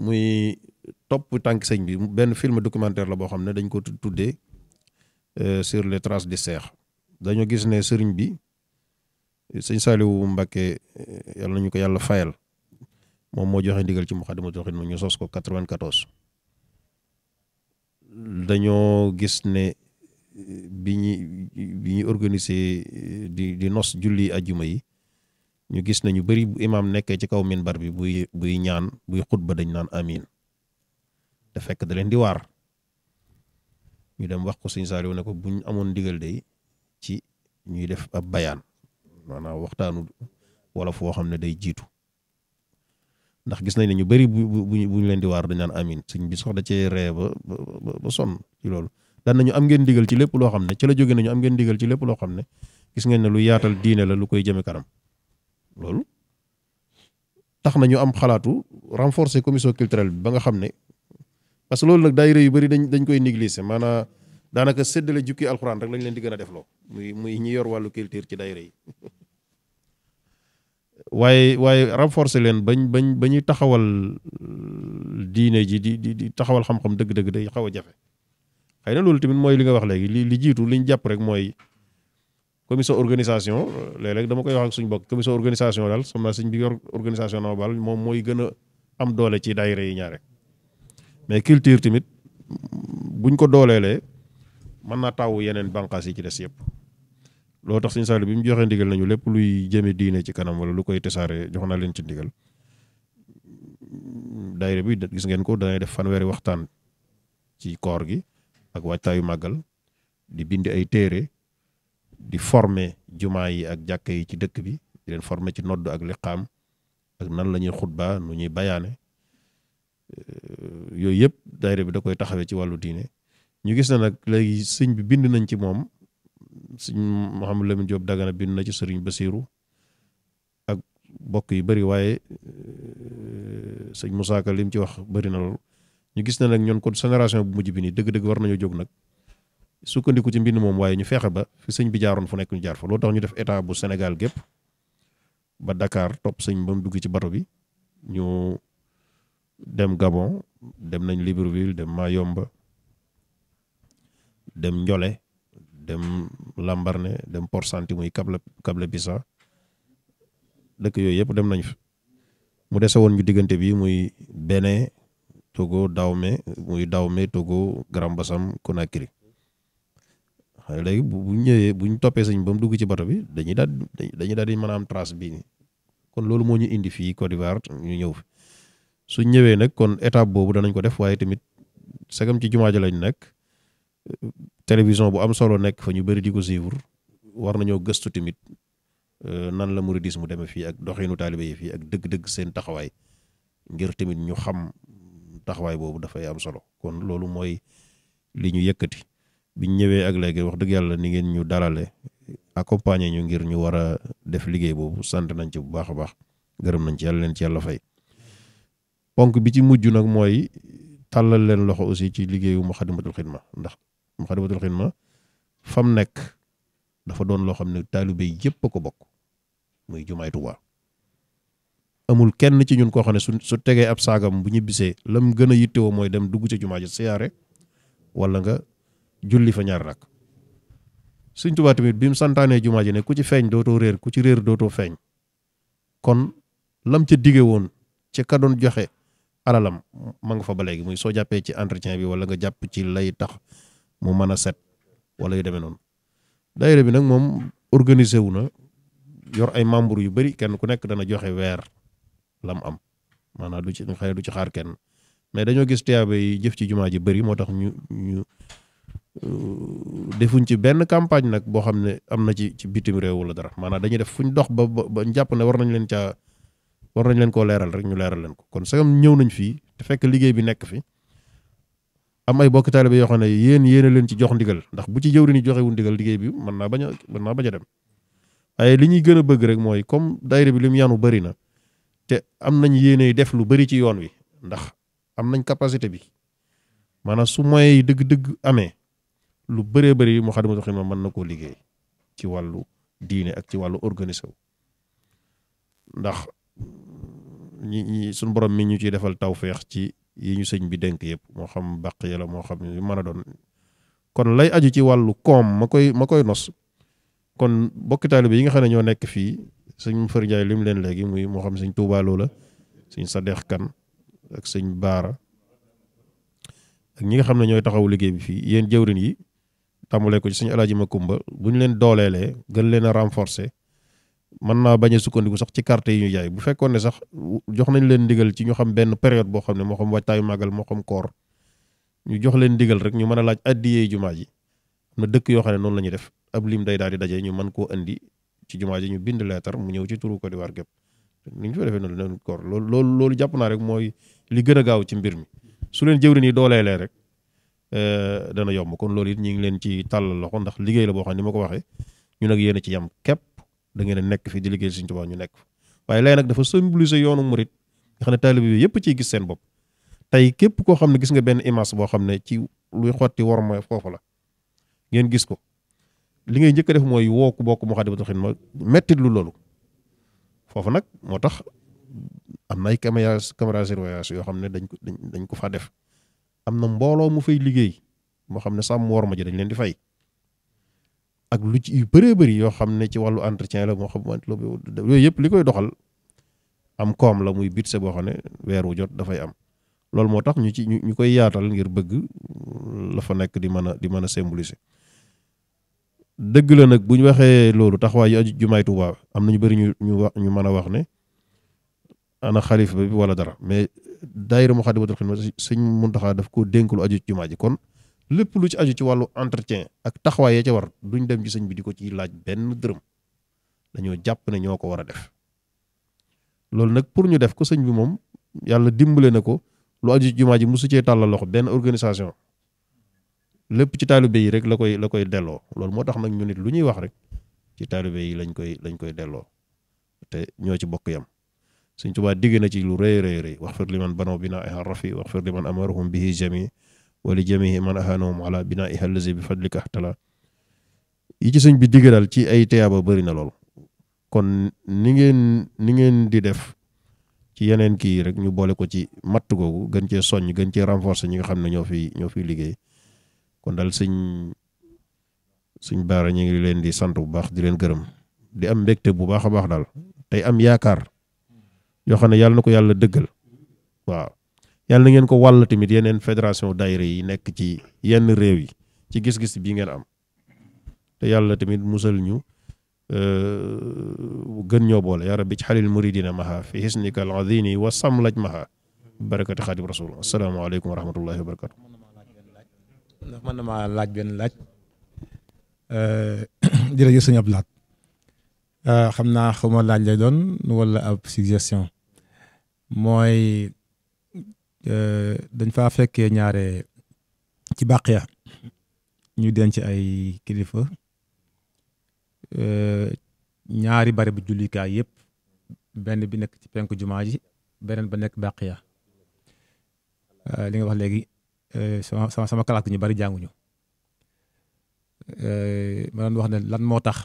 muy topp tànk sëñ bi benn film documentaire la boo xam ne dañ ko tuddee Euh, sur le traces de Seex dañoo gis ne sëriñ bi sëñ Saaliwu Mbàkke euh, yàlla nañu ko yàlla fayal moom moo joxe ndigal ci Muxaddamatul Xidma ñu sos ko 94 dañoo gis ne euh, bi ñu bi ñu organiser di di nos julli ajjuma yi ñu gis nañu bari bu imaam nekkee ci kaw minbar bi buy buy ñaan buy xutba dañ naan amiin te fekk da leen di waar ñu dem wax ko sëñ Saliou ne ko bu ñu amoon ndigal day ci ñuy def ab bayaan maanaam waxtaanu wolof woo xam ne day jiitu ndax gis nañ ne ñu bëri bu bu ñu leen di waar dañ naan amin sëñ bi da cee ree ba ba ba sonn ci loolu. daan nañu am ngeen ndigal ci lépp loo xam ne ca la jóge nañu am ngeen ndigal ci lépp loo xam ne gis ngeen ne lu yaatal diine la lu koy jëme kanam loolu tax nañu am xalaatu renforcer commission culturel bi ba nga xam ne parce que loolu nag daayira yu bëri dañ dañ koy négliger maanaam daanaka séddale jukki alxuraan rek lañ leen di gën a defloo muy muy ñi yor wàllu culture ci daayira yi waaye waaye renforcer leen bañ bañ ba ñuy taxawal euh, diine ji di di di taxawal xam-xam dëgg-dëgg day xaw a jafe xay na loolu tamit mooy li nga wax léegi li li jiitu liñ jàpp rek mooy commission organisation euh, léeg-léeg dama koy wax ak bokk commission organisation daal xam naa sëñ bi yor organisation na baal moom mooy gën a am doole ci daayira yi ñaare mais culture tamit buñ ko dooleelee mën naa taw yeneen bànqaas yi ci des yëpp loo tax suñu saali bi mu joxee ndigal nañu lépp luy jëme diine ci kanam wala lu koy tasaare jox naa leen ci ndigal daayira bi gis ngeen ko danay def fanweeri waxtaan ci koor gi ak waajtaayu màggal di bindi ay téere di former jumaa yi ak jàkka yi ci dëkk bi di leen ci nodd ak liqaam ak nan la ñuy xutba nu ñuy bayaane Euh, yooyu yëpp daayira bi da koy taxawee ci wàllu diine ñu gis na nag léegi sëñ bi bind nañ ci moom sëñ mu Mouhamadou Lamine Diop Dagana bind na ci sëriñ Basiiru ak bokk yu bari waaye euh, sëñ Moussa Ka li mu ci wax bari na lool ñu gis na nag ñoon kon génération bu mujj bi nii dëgg-dëgg war nañoo jóg nag sukkandiku ci mbind moom waaye ñu feexe ba fi sëñ bi jaaroon fu nekk ñu jaar fa loolu tax ñu def état bu senegal gépp ba Dakar topp sëñ ba mu dugg ci bato bi dem Gabon dem nañ Libreville dem Mayomba dem Ndiolé dem Lambaréné dem Port-Gentil muy kable Cable-Bissau dëkk yooyu yëpp dem nañ fa mu dese woon ñu diggante bi muy Bénin Togo Dahomey muy Dahomey Togo Grand-Bassam Conakry xëy léegi bu ñëwee bu ñu toppee sëñ ba mu dugg ci bato bi dañu daal dañuy daal di mën a am trace bii kon loolu moo ñu indi fii Côte d'Ivoire ñu ñëw fi su ñëwee nag kon étape boobu danañ ko def waaye tamit sagam ci jumaa ji lañ nekk télévision bu am solo nekk fa ñu bëri di ko suivre war nañoo gëstu tamit euh, nan la mu mu deme fii ak doxinu taalibe yi fii ak dëgg-dëgg seen taxawaay ngir tamit ñu xam taxawaay boobu dafay am solo kon loolu mooy li ñu yëkkati biñ ñëwee ak léegi wax dëgg yàlla ni ngeen ñu dalale accompagner ñu ngir ñu war a def liggéey boobu sant nañ ci bu baax a baax gërëm nañ ci leen ci yàlla fay ponk bi ci mujj nag mooy tàllal leen loxo aussi ci liggéeyu Moukhaddamatoul Khidma ndax Moukhaddamatoul Khidma fam nekk dafa doon loo xam ne taalibe yëpp a ko bokk muy jumaay Tuubaa amul kenn ci ñun koo xam ne su su tegee ab saagam bu ñibbisee lam gën a yittewoo mooy dem dugg ci jumaa ji siyaare wala nga julli fa ñaar rak suñ Tuubaa tamit bi mu santaanee jumaa ji ne ku ci feeñ dootoo réer ku ci réer dootoo feeñ kon lam ci diggee woon ca ka doon joxe alalam ma nga fa ba léegi muy soo jàppee ci entretien bi wala nga jàpp ci lay tax mu mën a set wala yu demee noonu daayira bi nag moom organiser wu na yor ay membres yu bari kenn ku nekk dana joxe weer lam am maanaam du ci xëy du ci xaar kenn mais dañoo gis tiyaaba yi jëf ci jumaa ji bari moo tax ñu ñu euh, defuñ ci benn campagne nag boo xam ne am na ci ci bitim réew wala dara maanaam dañuy def fuñ dox ba ba jàpp ne war nañ leen caa war nañ leen koo leeral rek ñu leeral leen ko kon sagam ñëw nañ fii te fekk liggéey bi nekk fi am ay bokk taalibe yoo xam ne yéen yéena leen ci jox ndigal ndax bu ci jëwriñ yi joxewul ndigal liggéey bi mën naa bañ a mën naa bañ a dem ay li ñuy gën a bëgg rek mooy comme daayira bi li mu yanu bëri na te am nañ yéene def lu bëri ci yoon wi ndax am nañ capacité bi maanaam su moyens yi dëgg-dëgg amee lu bëree bëri Moukhaddamatoul Khidma mën na koo liggéey ci wàllu diine ak ci wàllu organiser wu ñi ñi suñu borom mi ñu ciy defal feex ci yi ñu sëñ bi denk yëpp moo xam bàq ya la moo xam yu mën a doon kon lay aju ci wàllu koom ma koy ma koy nos kon bokki bi yi nga xam ne ñoo nekk fii sëñ Fër Njaay lim leen léegi muy moo xam sëñ Tuubaa Lo la sëñ Sadeex Kan ak sëñ Baara ak ñi nga xam ne ñooy taxaw liggéey bi fii yéen jëwrin yi tàmbalee ko ci sëñ Alaaji Makumba bu ñu leen dooleelee gën leen a renforcer man naa bañ a sukkandiku sax ci carte yi ñu jaay bu fekkoon ne sax jox nañ leen ndigal ci ñu xam benn période boo xam ne moo xam waajtaayu màggal moo xam koor ñu jox leen ndigal rek ñu mën a laaj addiyee jumaa ji na dëkk yoo xam ne noonu la ñuy def ab lim day daal di daje ñu mën koo indi ci jumaa ji ñu bind leetar mu ñëw ci turu Côte d'Ivoire gépp ni ñu fa defee noonu leen koor loolu loolu loolu jàpp naa rek mooy li gën a gaaw ci mbir mi su leen jëwri nii dooleelee rek eh, dana yomb kon loolu it ñu ngi leen ci tàllal loxo ndax liggéey la boo xam ne ni ma ko waxee ñu nag yéen a ci yam képp da ngeen nekk fii di liggéey Sëriñ Tuubaa ñu nekk waaye léegi nag dafa symboliser yoonu murit nga xam ne taalibe bi yëpp ciy gis seen bopp tey képp koo xam ne gis nga benn image boo xam ne ci luy xotti war ma foofu la ngeen gis ko li ngay njëkk a def mooy woo ku bokk Moukhaddamatoul Khidma mettit lu loolu foofu nag moo tax am na ay caméra caméra surveillance yoo xam ne dañ ko dañ ko faa def am na mbooloo mu fay liggéey moo xam ne sàmm war ma ji dañ leen di fay ak lu ci yu bëree bëri yoo xam ne ci wàllu entretien la moo xam yooyu yëpp li koy doxal am koom la muy budget boo xam ne weer wu jot dafay am loolu moo tax ñu ci ñu koy yaatal ngir bëgg la fa nekk di mën a di mën a symboliser. dëgg la nag bu ñu waxee loolu taxawaay yu aju jumaay Tuubaa am na ñu bëri ñu ñu wax ñu mën a wax ne ana xalifa bi wala dara mais daayira Muxaddamatul Xidma sëñ taxaa daf ko dénk lu aju jumaa ji kon. lépp lu ci aju ci wàllu entretien ak taxawaay ya ca war duñ dem ci sëñ bi di ko ci laaj benn dërëm dañoo jàpp ne ñoo ko war a def loolu nag pour ñu def ko sëñ bi moom yàlla dimbale na ko lu aju jumaa ji mosu cee tàllal loxo benn organisation lépp ci taalibe yi rek la koy la koy delloo loolu moo tax nag ñu nit lu ñuy wax rek ci taalibe yi lañ koy lañ koy delloo te ñoo ci bokk yam Sëñ Tuubaa digg na ci lu rëy rëy rëy wax fir liman banaw binaaha rafi wax fir liman amarahum bihi jami wala wa li jamihi man ahanahum ala binaiha allazi bi fadlika ahtala yi ci sëñ bi digg daal ci ay tiyaaba bari na lool kon ni ngeen ni ngeen di def ci yeneen kii rek ñu boole ko ci matt googu gan cee soññ gan cee renforcer ñi nga xam ne ñoo fi ñoo fiy liggéey kon daal sëñ sëñ baara ñu ngi leen di sant bu baax di leen gërëm di am mbégte bu baax a baax daal tey am yaakaar yoo xam ne yàlla na ko yàlla dëggal yàlla ngeen ko wàll tamit yeneen fédération daayira yi nekk ci yenn réew yi ci gis-gis bii ngeen am te yàlla tamit musal ñu euh, gën ñoo boole yaa rabbi ci xalil muridina maha fi hisnika al azini wa samlaj maha barakati xaadim rasul asalaamaaleykum wa rahmatullahi wa na maa laaj benn laaj euh, jërëjëf sëñ Abdou Lahad euh, xam naa xaw ma ab suggestion mooy Euh, dañ faa fekkee ñaare ci bàqiya ñu denc ay kilifa euh, ñaari bari bu jullikaay yëpp benn bi nekk ci penku jumaa ji beneen ba nekk bàqiya euh, li nga wax léegi sama sama sama kalaas ñu bari jànguñu ma doon wax ne lan moo tax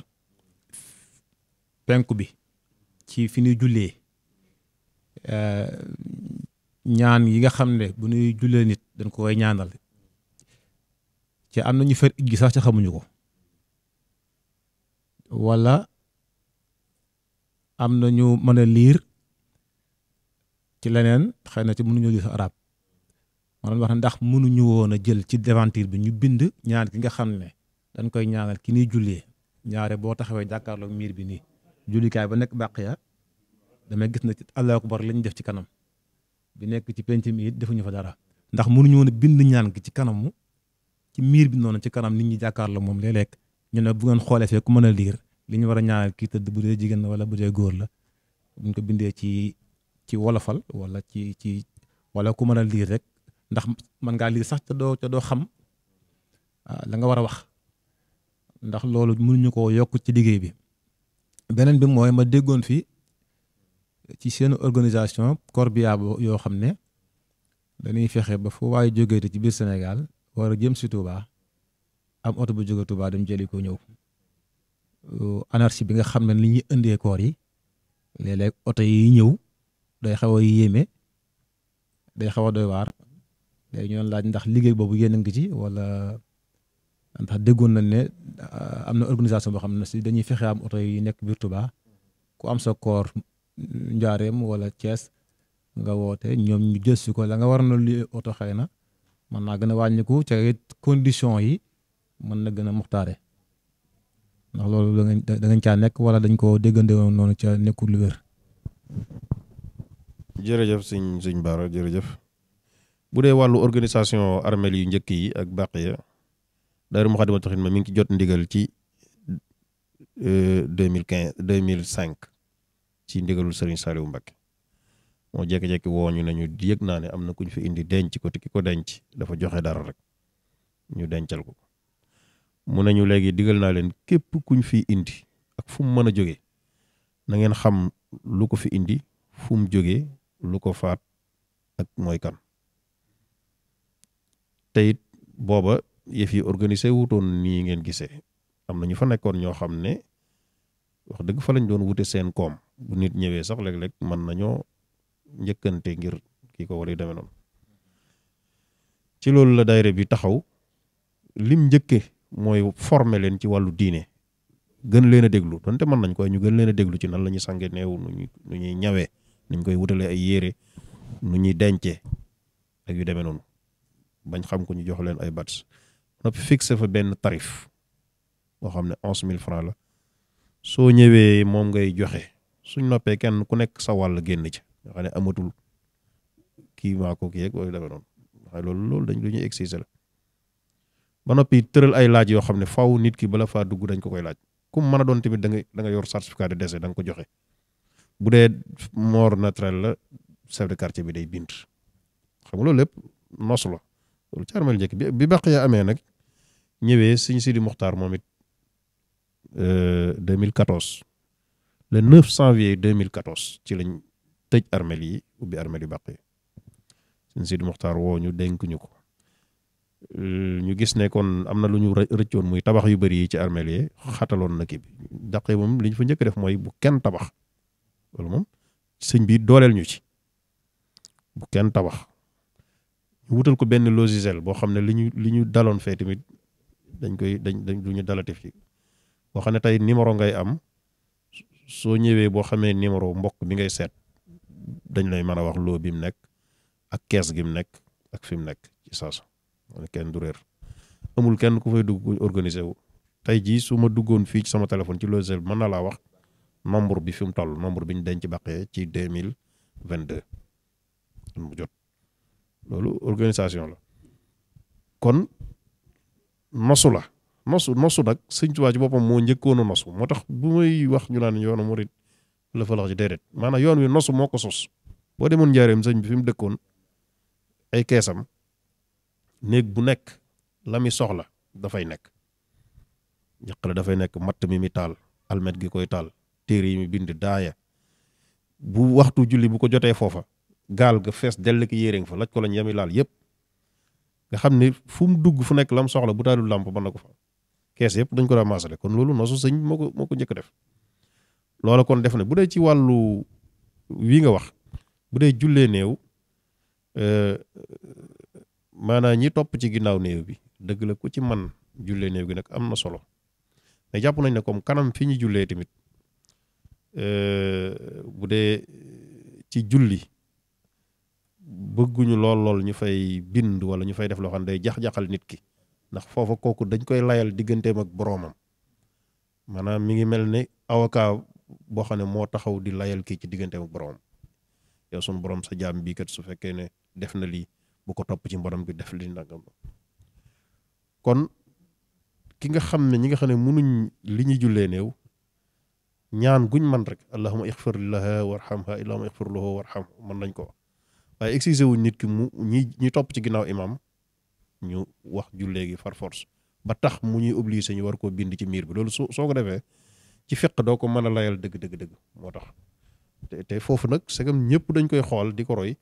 penku bi ci fi ñuy jullee ñaan yi nga xam ne bu ñuy jullee nit dañ ko koy ñaanal ci am na ñu fer it sax ci xamuñu ko wala am na ñu mën a liir ci leneen xëy na ci mënuñoo liir sa arab maanaam wax ndax mënuñu woon a jël ci devanture bi ñu bind ñaan ki nga xam ne dañ koy ñaanal ki ñuy jullee ñaare boo taxawee jàkkaarloog miir bi nii jullikaay ba nekk bàq ya damay gis na ci ko akbar lañu def ci kanam bi nekk ci penc mi it defuñu fa dara ndax munuñu woon a bind ñaan gi ci kanamu ci miir bi noonu ci kanam nit ñi jàkkaarloo moom léeg-léeg ñu ne bu ngeen xoolee fee ku mën a liir li ñu war a ñaanal kii tëdd bu dee jigéen la wala bu dee góor la buñ ko bindee ci ci wolofal wala ci ci wala ku mën a liir rek ndax man ngaa liir sax ca doo te doo xam ah, la nga war a wax ndax loolu mënuñu ko yokk ci liggéey bi beneen bi mooy ma déggoon fii ci seen organisation corbia yoo xam ne dañuy fexe ba fu waaye jogee te ci biir Sénégal war a jëm si Touba am oto bu jóge Touba dem jëli ko ñëw anarchie bi nga xam ne li ñuy indee koor yi léeg-léeg oto yi ñëw day xaw a yéeme day xaw a doy waar léegi ñoo laaj ndax liggéey boobu yéen a ngi ci wala ndax déggoon nañ ne euh, am na organisation boo xam ne si dañuy fexe am oto yi nekk biir Touba ku am sa koor njaareem wala Thiès nga woote ñoom ñu jël si ko la nga war na luy oto xëy na mën naa gën a wàññiku ca it condition yi mën na gën a muxtaare ndax loolu da ngeen da ngeen caa nekk wala dañ ko déggante noonu ca nekkul lu wér. jërëjëf sëñ sëñ Bara jërëjëf bu dee wàllu organisation armel yu njëkk yi ak bàq ya Daaru Muxaddamatul Xidma mi ngi ci jot ndigal ci euh, deux mille quinze deux mille cinq ci ndigalul Serigne Saliou Mbacke moo jékki-jékki woo ñu ne ñu yëg naa ne am na ku ñu fi indi denc ko te ki ko denc dafa joxe dara rek ñu dencal ko mu nañu léegi digal naa leen képp kuñ fi indi ak fu mu mën a jóge nangeen xam lu ko fi indi fu mu jógee lu ko faat ak mooy kan te booba yëf yi organisé wutoon nii ngeen gisee am na ñu fa nekkoon ñoo xam ne wax dëgg fa lañ doon wute seen koom bu nit ñëwee sax léeg-léeg mën nañoo njëkkante ngir kii ko war a demee noonu ci loolu la daayira bi taxaw lim njëkke mooy former leen ci wàllu diine gën leen a déglu donte mën nañ ko ñu gën leen a déglu ci nan la ñuy sange neew nu ñuy ñawee nuñ koy wutalee ay yére nu ñuy dencee ak yu demee noonu bañ xam ko ñu jox leen ay bats nopp fixé fa benn tarif boo xam ne onze mille francs la soo ñëwee moom ngay joxe suñ noppee kenn ku nekk sa wàll génn ci nga xam ne amatul kii maa ko kii yeeg wala demee noonu waaye loolu loolu dañ lu ñuy exciser la ba noppi tëral ay laaj yoo xam ne faaw nit ki bala faa dugg dañ ko koy laaj kum mën doon tamit da nga da yor certificat de décès da ko joxe bu dee mort naturelle la chef de quartier bi day bint xam nga loolu lépp nos la loolu ca armeel bi bi bàq ya amee nag ñëwee Sëñ Sidi Muxtaar moom it 2014 euh, le 9 janvier 2014 ci lañ tëj armel yi ubbi armel yi bàq yi suñ Sidi Muxtaar woo ñu dénk ñu ko euh, ñu gis ne kon am na lu ñu rëccoon muy tabax yu bari yi ci armel yi xataloon na kii bi dàq moom li ñu fa njëkk def mooy bu kenn tabax loolu moom sëñ bi dooleel ñu ci bu kenn tabax ñu wutal ko benn logiciel boo xam ne li ñu li ñu daloon fee tamit dañ koy dañ dañ lu ñu dalati fii boo xam ne tey numéro ngay am soo ñëwee boo xamee numéro mbokk mi ngay seet dañ lay mën a wax loo bi mu nekk ak kees gi mu nekk ak fi mu nekk ci saasa kenn du réer amul kenn ku fay dugg organisé wu tey jii su ma duggoon fii ci sama téléphone ci logiciel bi mën na laa wax nombre bi fi mu toll nombre bi ñu ci baqee ci deux mille vingt deux mu jot loolu organisation la kon nosu la nosu nosu nag sëñ Tuubaa boppam moo njëkkoonu nosu moo tax bu may wax ñu naan yoonu murit la fa lax ci déedéet maanaam yoon wi nosu moo ko sos boo demoon njaareem sëñ bi fi mu dëkkoon ay keesam néeg bu nekk la muy soxla dafay nekk ñaqale dafay nekk matt mi mi taal almet gi koy taal téere yi mi bind daaya bu waxtu julli bu ko jotee foofa gaal ga fees dell ki yéréng fa laj ko lañ yami laal yépp nga xam ne fu mu dugg fu nekk la lam soxla bu taalul làmp mën na ko fa kees yëpp dañ ko daa maasale kon loolu noosu sëñ moo ko moo ko njëkk def loolu kon def na bu dee ci wàllu wii nga wax bu dee jullee néew euh, maanaa ñi topp ci ginnaaw néew bi dëgg la ku ci man jullee néew gi nag am na solo jàpp nañ ne comme kanam fi ñu jullee tamit euh, bu dee ci julli bëgguñu lool lool ñu fay bind wala ñu fay def loo xam ne day jax-jaxal nit ki ndax foofa kooku dañ koy layal digganteem ak boroomam maanaam mi ngi mel ni avocat boo xam ne moo taxaw di layal kii ci digganteem ak boroomam yow sunu boroom sa jaam bii kat su fekkee ne def na lii bu ko topp ci mbonam bi def li nangam kon ki nga xam ne ñi nga xam ne munuñ li ñuy jullee néew ñaan guñ man rek allahuma ixfir war warhamha allahuma ixfir lahu warham mën nañ ko waaye exigé wuñ nit ki mu ñi ñi topp ci ginnaaw imam ñu wax jullee gi far force ba tax mu ñuy obligé ñu war koo bind ci miir bi loolu soo soo ko defee ci fiq doo ko mën a layal dëgg dëgg dëgg moo tax te te foofu nag segam ñëpp dañ koy xool di ko roy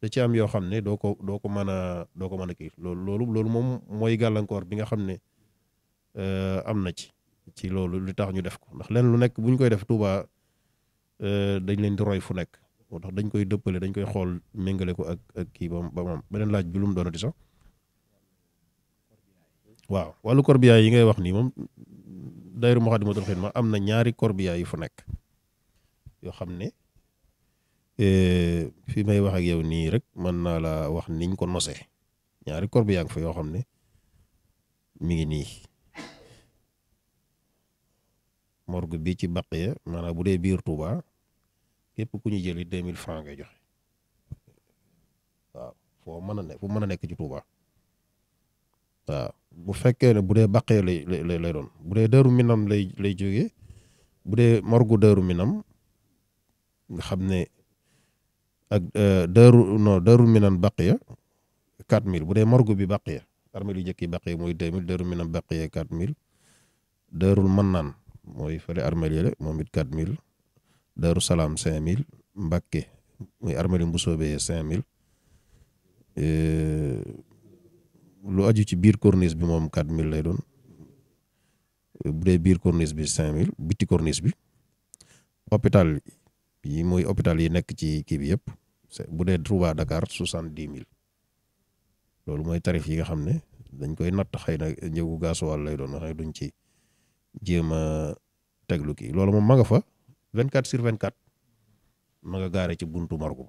da ci am yoo xam ne doo ko doo ko mën a doo ko mën a kii loolu loolu loolu moom mooy gàllankoor bi nga xam ne euh, am na ci ci loolu li tax ñu def ko ndax leen lu nekk bu ñu koy def Tuuba euh, dañ leen di roy fu nekk moo tax dañ koy dëppale dañ koy xool méngale ko ak ak kii ba ba mu beneen laaj bi lu mu doonati sax waaw wàllu corbillard yi ngay wax nii moom dayru Moukhaddamatoul Khidma am na ñaari corbillard yu fa nekk yoo xam ne e, fi may wax ak yow nii rek mën naa la wax niñ ko nosee ñaari corbillard nga fa yoo xam ne mi ngi nii morgue bi ci Baqiya maanaam bu dee biir Touba képp ku ñu jëli deux mille francs ngay joxe waaw foo mën a mën a nekk ci Touba waaw bu fekkee ne bu dee baqee lay lay lay doon bu dee dëru minam lay lay jógee bu dee morgu dëru minam nga xam ne ak euh, dëru non dëru minam baqee 4000 bu dee margo bi baqee armeel yu njëkk yi baqee mooy 2000 dëru minam baqee 4000 dërul mën naan mooy fële armeel yi la moom it 4000 dëru salaam 5000 mbakke muy armeel yu mbusoo bee 5000. lu aju ci biir corniche bi moom 4000 lay doon bu dee biir corniche bi 5000 biti corniche bi hôpital yi mooy hôpital yi nekk ci kii bi yëpp bu dee Touba Dakar 70000 loolu mooy tarif yi nga xam ne dañ koy natt xëy na gaaso gaasuwaal lay doon xëy duñ ci jéem a teglu kii loolu moom ma nga fa 24 sur 24 ma nga gaare ci buntu Margo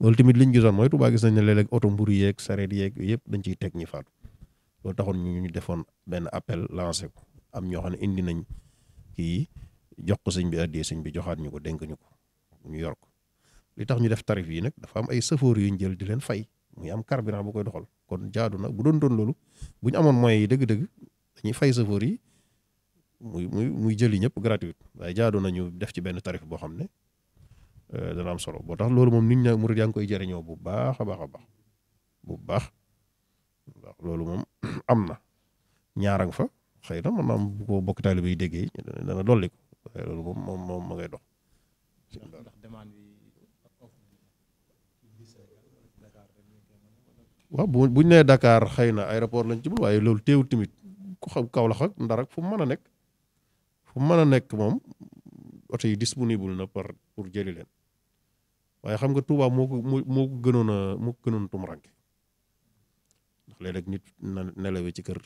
loolu tamit liñ gisoon mooy Touba gis nañ ne oto mburu yeeg sareet yeeg yëpp dañ ciy teg ñi faatu loolu taxoon ñu ñu defoon benn appel lancé ko am ñoo xam ne indi nañ kii jox ko sëñ bi addee sëñ bi joxaat ñu ko dénk ñu ko ñu yor ko li tax ñu def tarif yi nag dafa am ay safoor yu ñu jël di leen fay muy am carburant bu koy doxal kon jaadu bu doon doon loolu bu ñu amoon mooy yi dëgg-dëgg dañuy fay safoor yi muy muy muy jëli ñëpp gratuite waaye jaadu na ñu def ci benn tarif boo xam ne Euh, dana am solo boo tax loolu moom nit ñaa murid yaa ngi koy jëriñoo bu baax a baax a baax bu baax waaw loolu moom am na ñaarang fa xëy na mën naa am bu ko bokk taalibe yi déggee dana dolli ko waaye loolu moom moom moom ma ngay dox. waaw bu buñ nee Dakar xëy na aéroport lañ ci bul waaye loolu teewul tamit ku xam Kaolack ak Ndar fu mu mën a nekk fu mu mën a nekk moom oto yi disponible na par pour jëli leen. waaye xam nga Touba moo ko moo ko gënoon a moo ko gënoon tumuranke ndax léeg-léeg nit na ci kër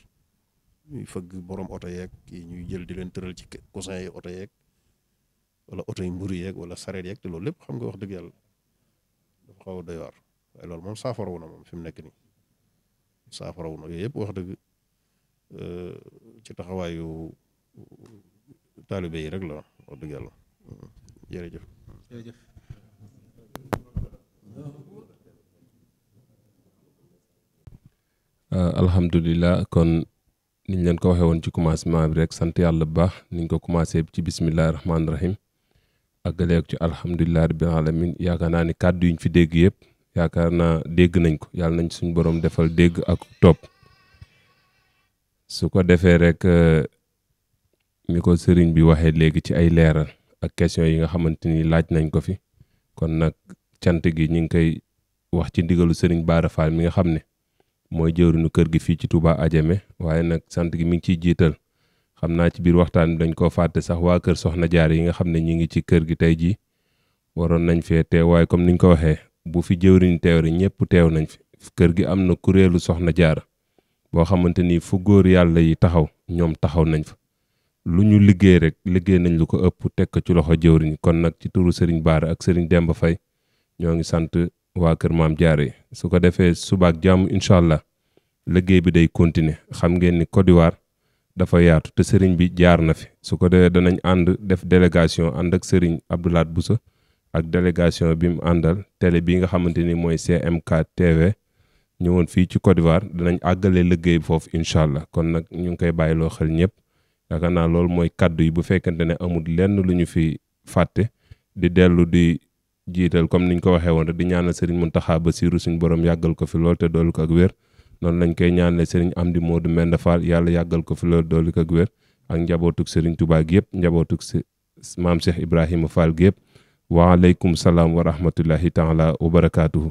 ñuy fëgg borom oto yeeg kii ñuy jël di leen tëral ci coussin yi oto yeeg wala oto yi mburu yeeg wala sareet yeeg te loolu lépp xam nga wax dëgg yàlla dafa xaw a doy waar loolu moom saafara na moom fi mu nekk nii saafara na yooyu yëpp wax dëgg euh, ci taxawaayu taalibe yi rek la wax dëgg yàlla mm-hmm. Euh, alhamdulilah kon niñ leen ko waxee woon ci commencement bi rek sant yàlla bu baax niñ ko commencé ci bisimilah rahmaani rahim àggaleeg ci alhamdulilah rabbil alamin yaakaar naa ni kàddu yi ñu fi dégg yëpp yaakaar naa dégg nañ ko yàlla nañ suñu borom defal dégg ak topp su ko defee rek mi euh, ko sëriñ bi waxee léegi ci ay leeral ak question yi nga xamante ni laaj nañ ko fi kon nag cant gi ñu ngi koy wax ci ndigalu Serigne baara Fall mi nga xam ne mooy jëwriñu kër gi fii ci Touba Adjamé waaye nag sant gi mi ngi ciy jiital xam naa ci biir waxtaan bi dañ koo fàtte sax waa kër Soxna Jaara yi nga xam ne ñi ngi ci kër gi tey jii waroon nañ fee teew waaye comme niñ ko waxee bu fi jëwriñ teew rek ñëpp teew nañ fi kër gi am na kuréelu Soxna Jaara boo xamante ni fu góor yàlla yi taxaw ñoom taxaw nañ fa lu ñu liggéey rek liggéey nañ lu ko ëpp teg ci loxo jëwriñ kon nag ci turu Serigne Bara ak Serigne Demba Faye ñoo ngi sant waa kër jaar yi su ko defee subaak jàmm incha allah liggéey bi day continuer xam ngeen ni Côte dafa yaatu te sëriñ bi jaar na fi su ko defee danañ ànd def délégation ànd ak sëriñ Abdou bu Bousso ak délégation bi mu àndal télé bi nga xamante ni mooy CMK TV ñëwoon fii ci Côte d'Ivoire danañ àggale liggéey bi foofu incha allah kon nag ñu ngi koy bàyyi bàyyiloo xel ñëpp yaakaar naa loolu mooy kaddu yi bu fekkente ne amul lenn lu ñu fi fàtte di dellu di jiital comme niñ ko waxee woon rek di ñaanal sëriñ Mountakha Bassirou suñ borom yàggal ko fi lool te doolu ko ak wér noonu lañ koy ñaanale sëriñ Amdi Modou Mende Fall yàlla yàggal ko fi lool doolu ko ak wér ak njabootug sëriñ Touba gi yëpp njabootug maam Cheikh Ibrahima Fall gi yëpp waaleykum salaam wa rahmatullahi taala wa barakaatuhu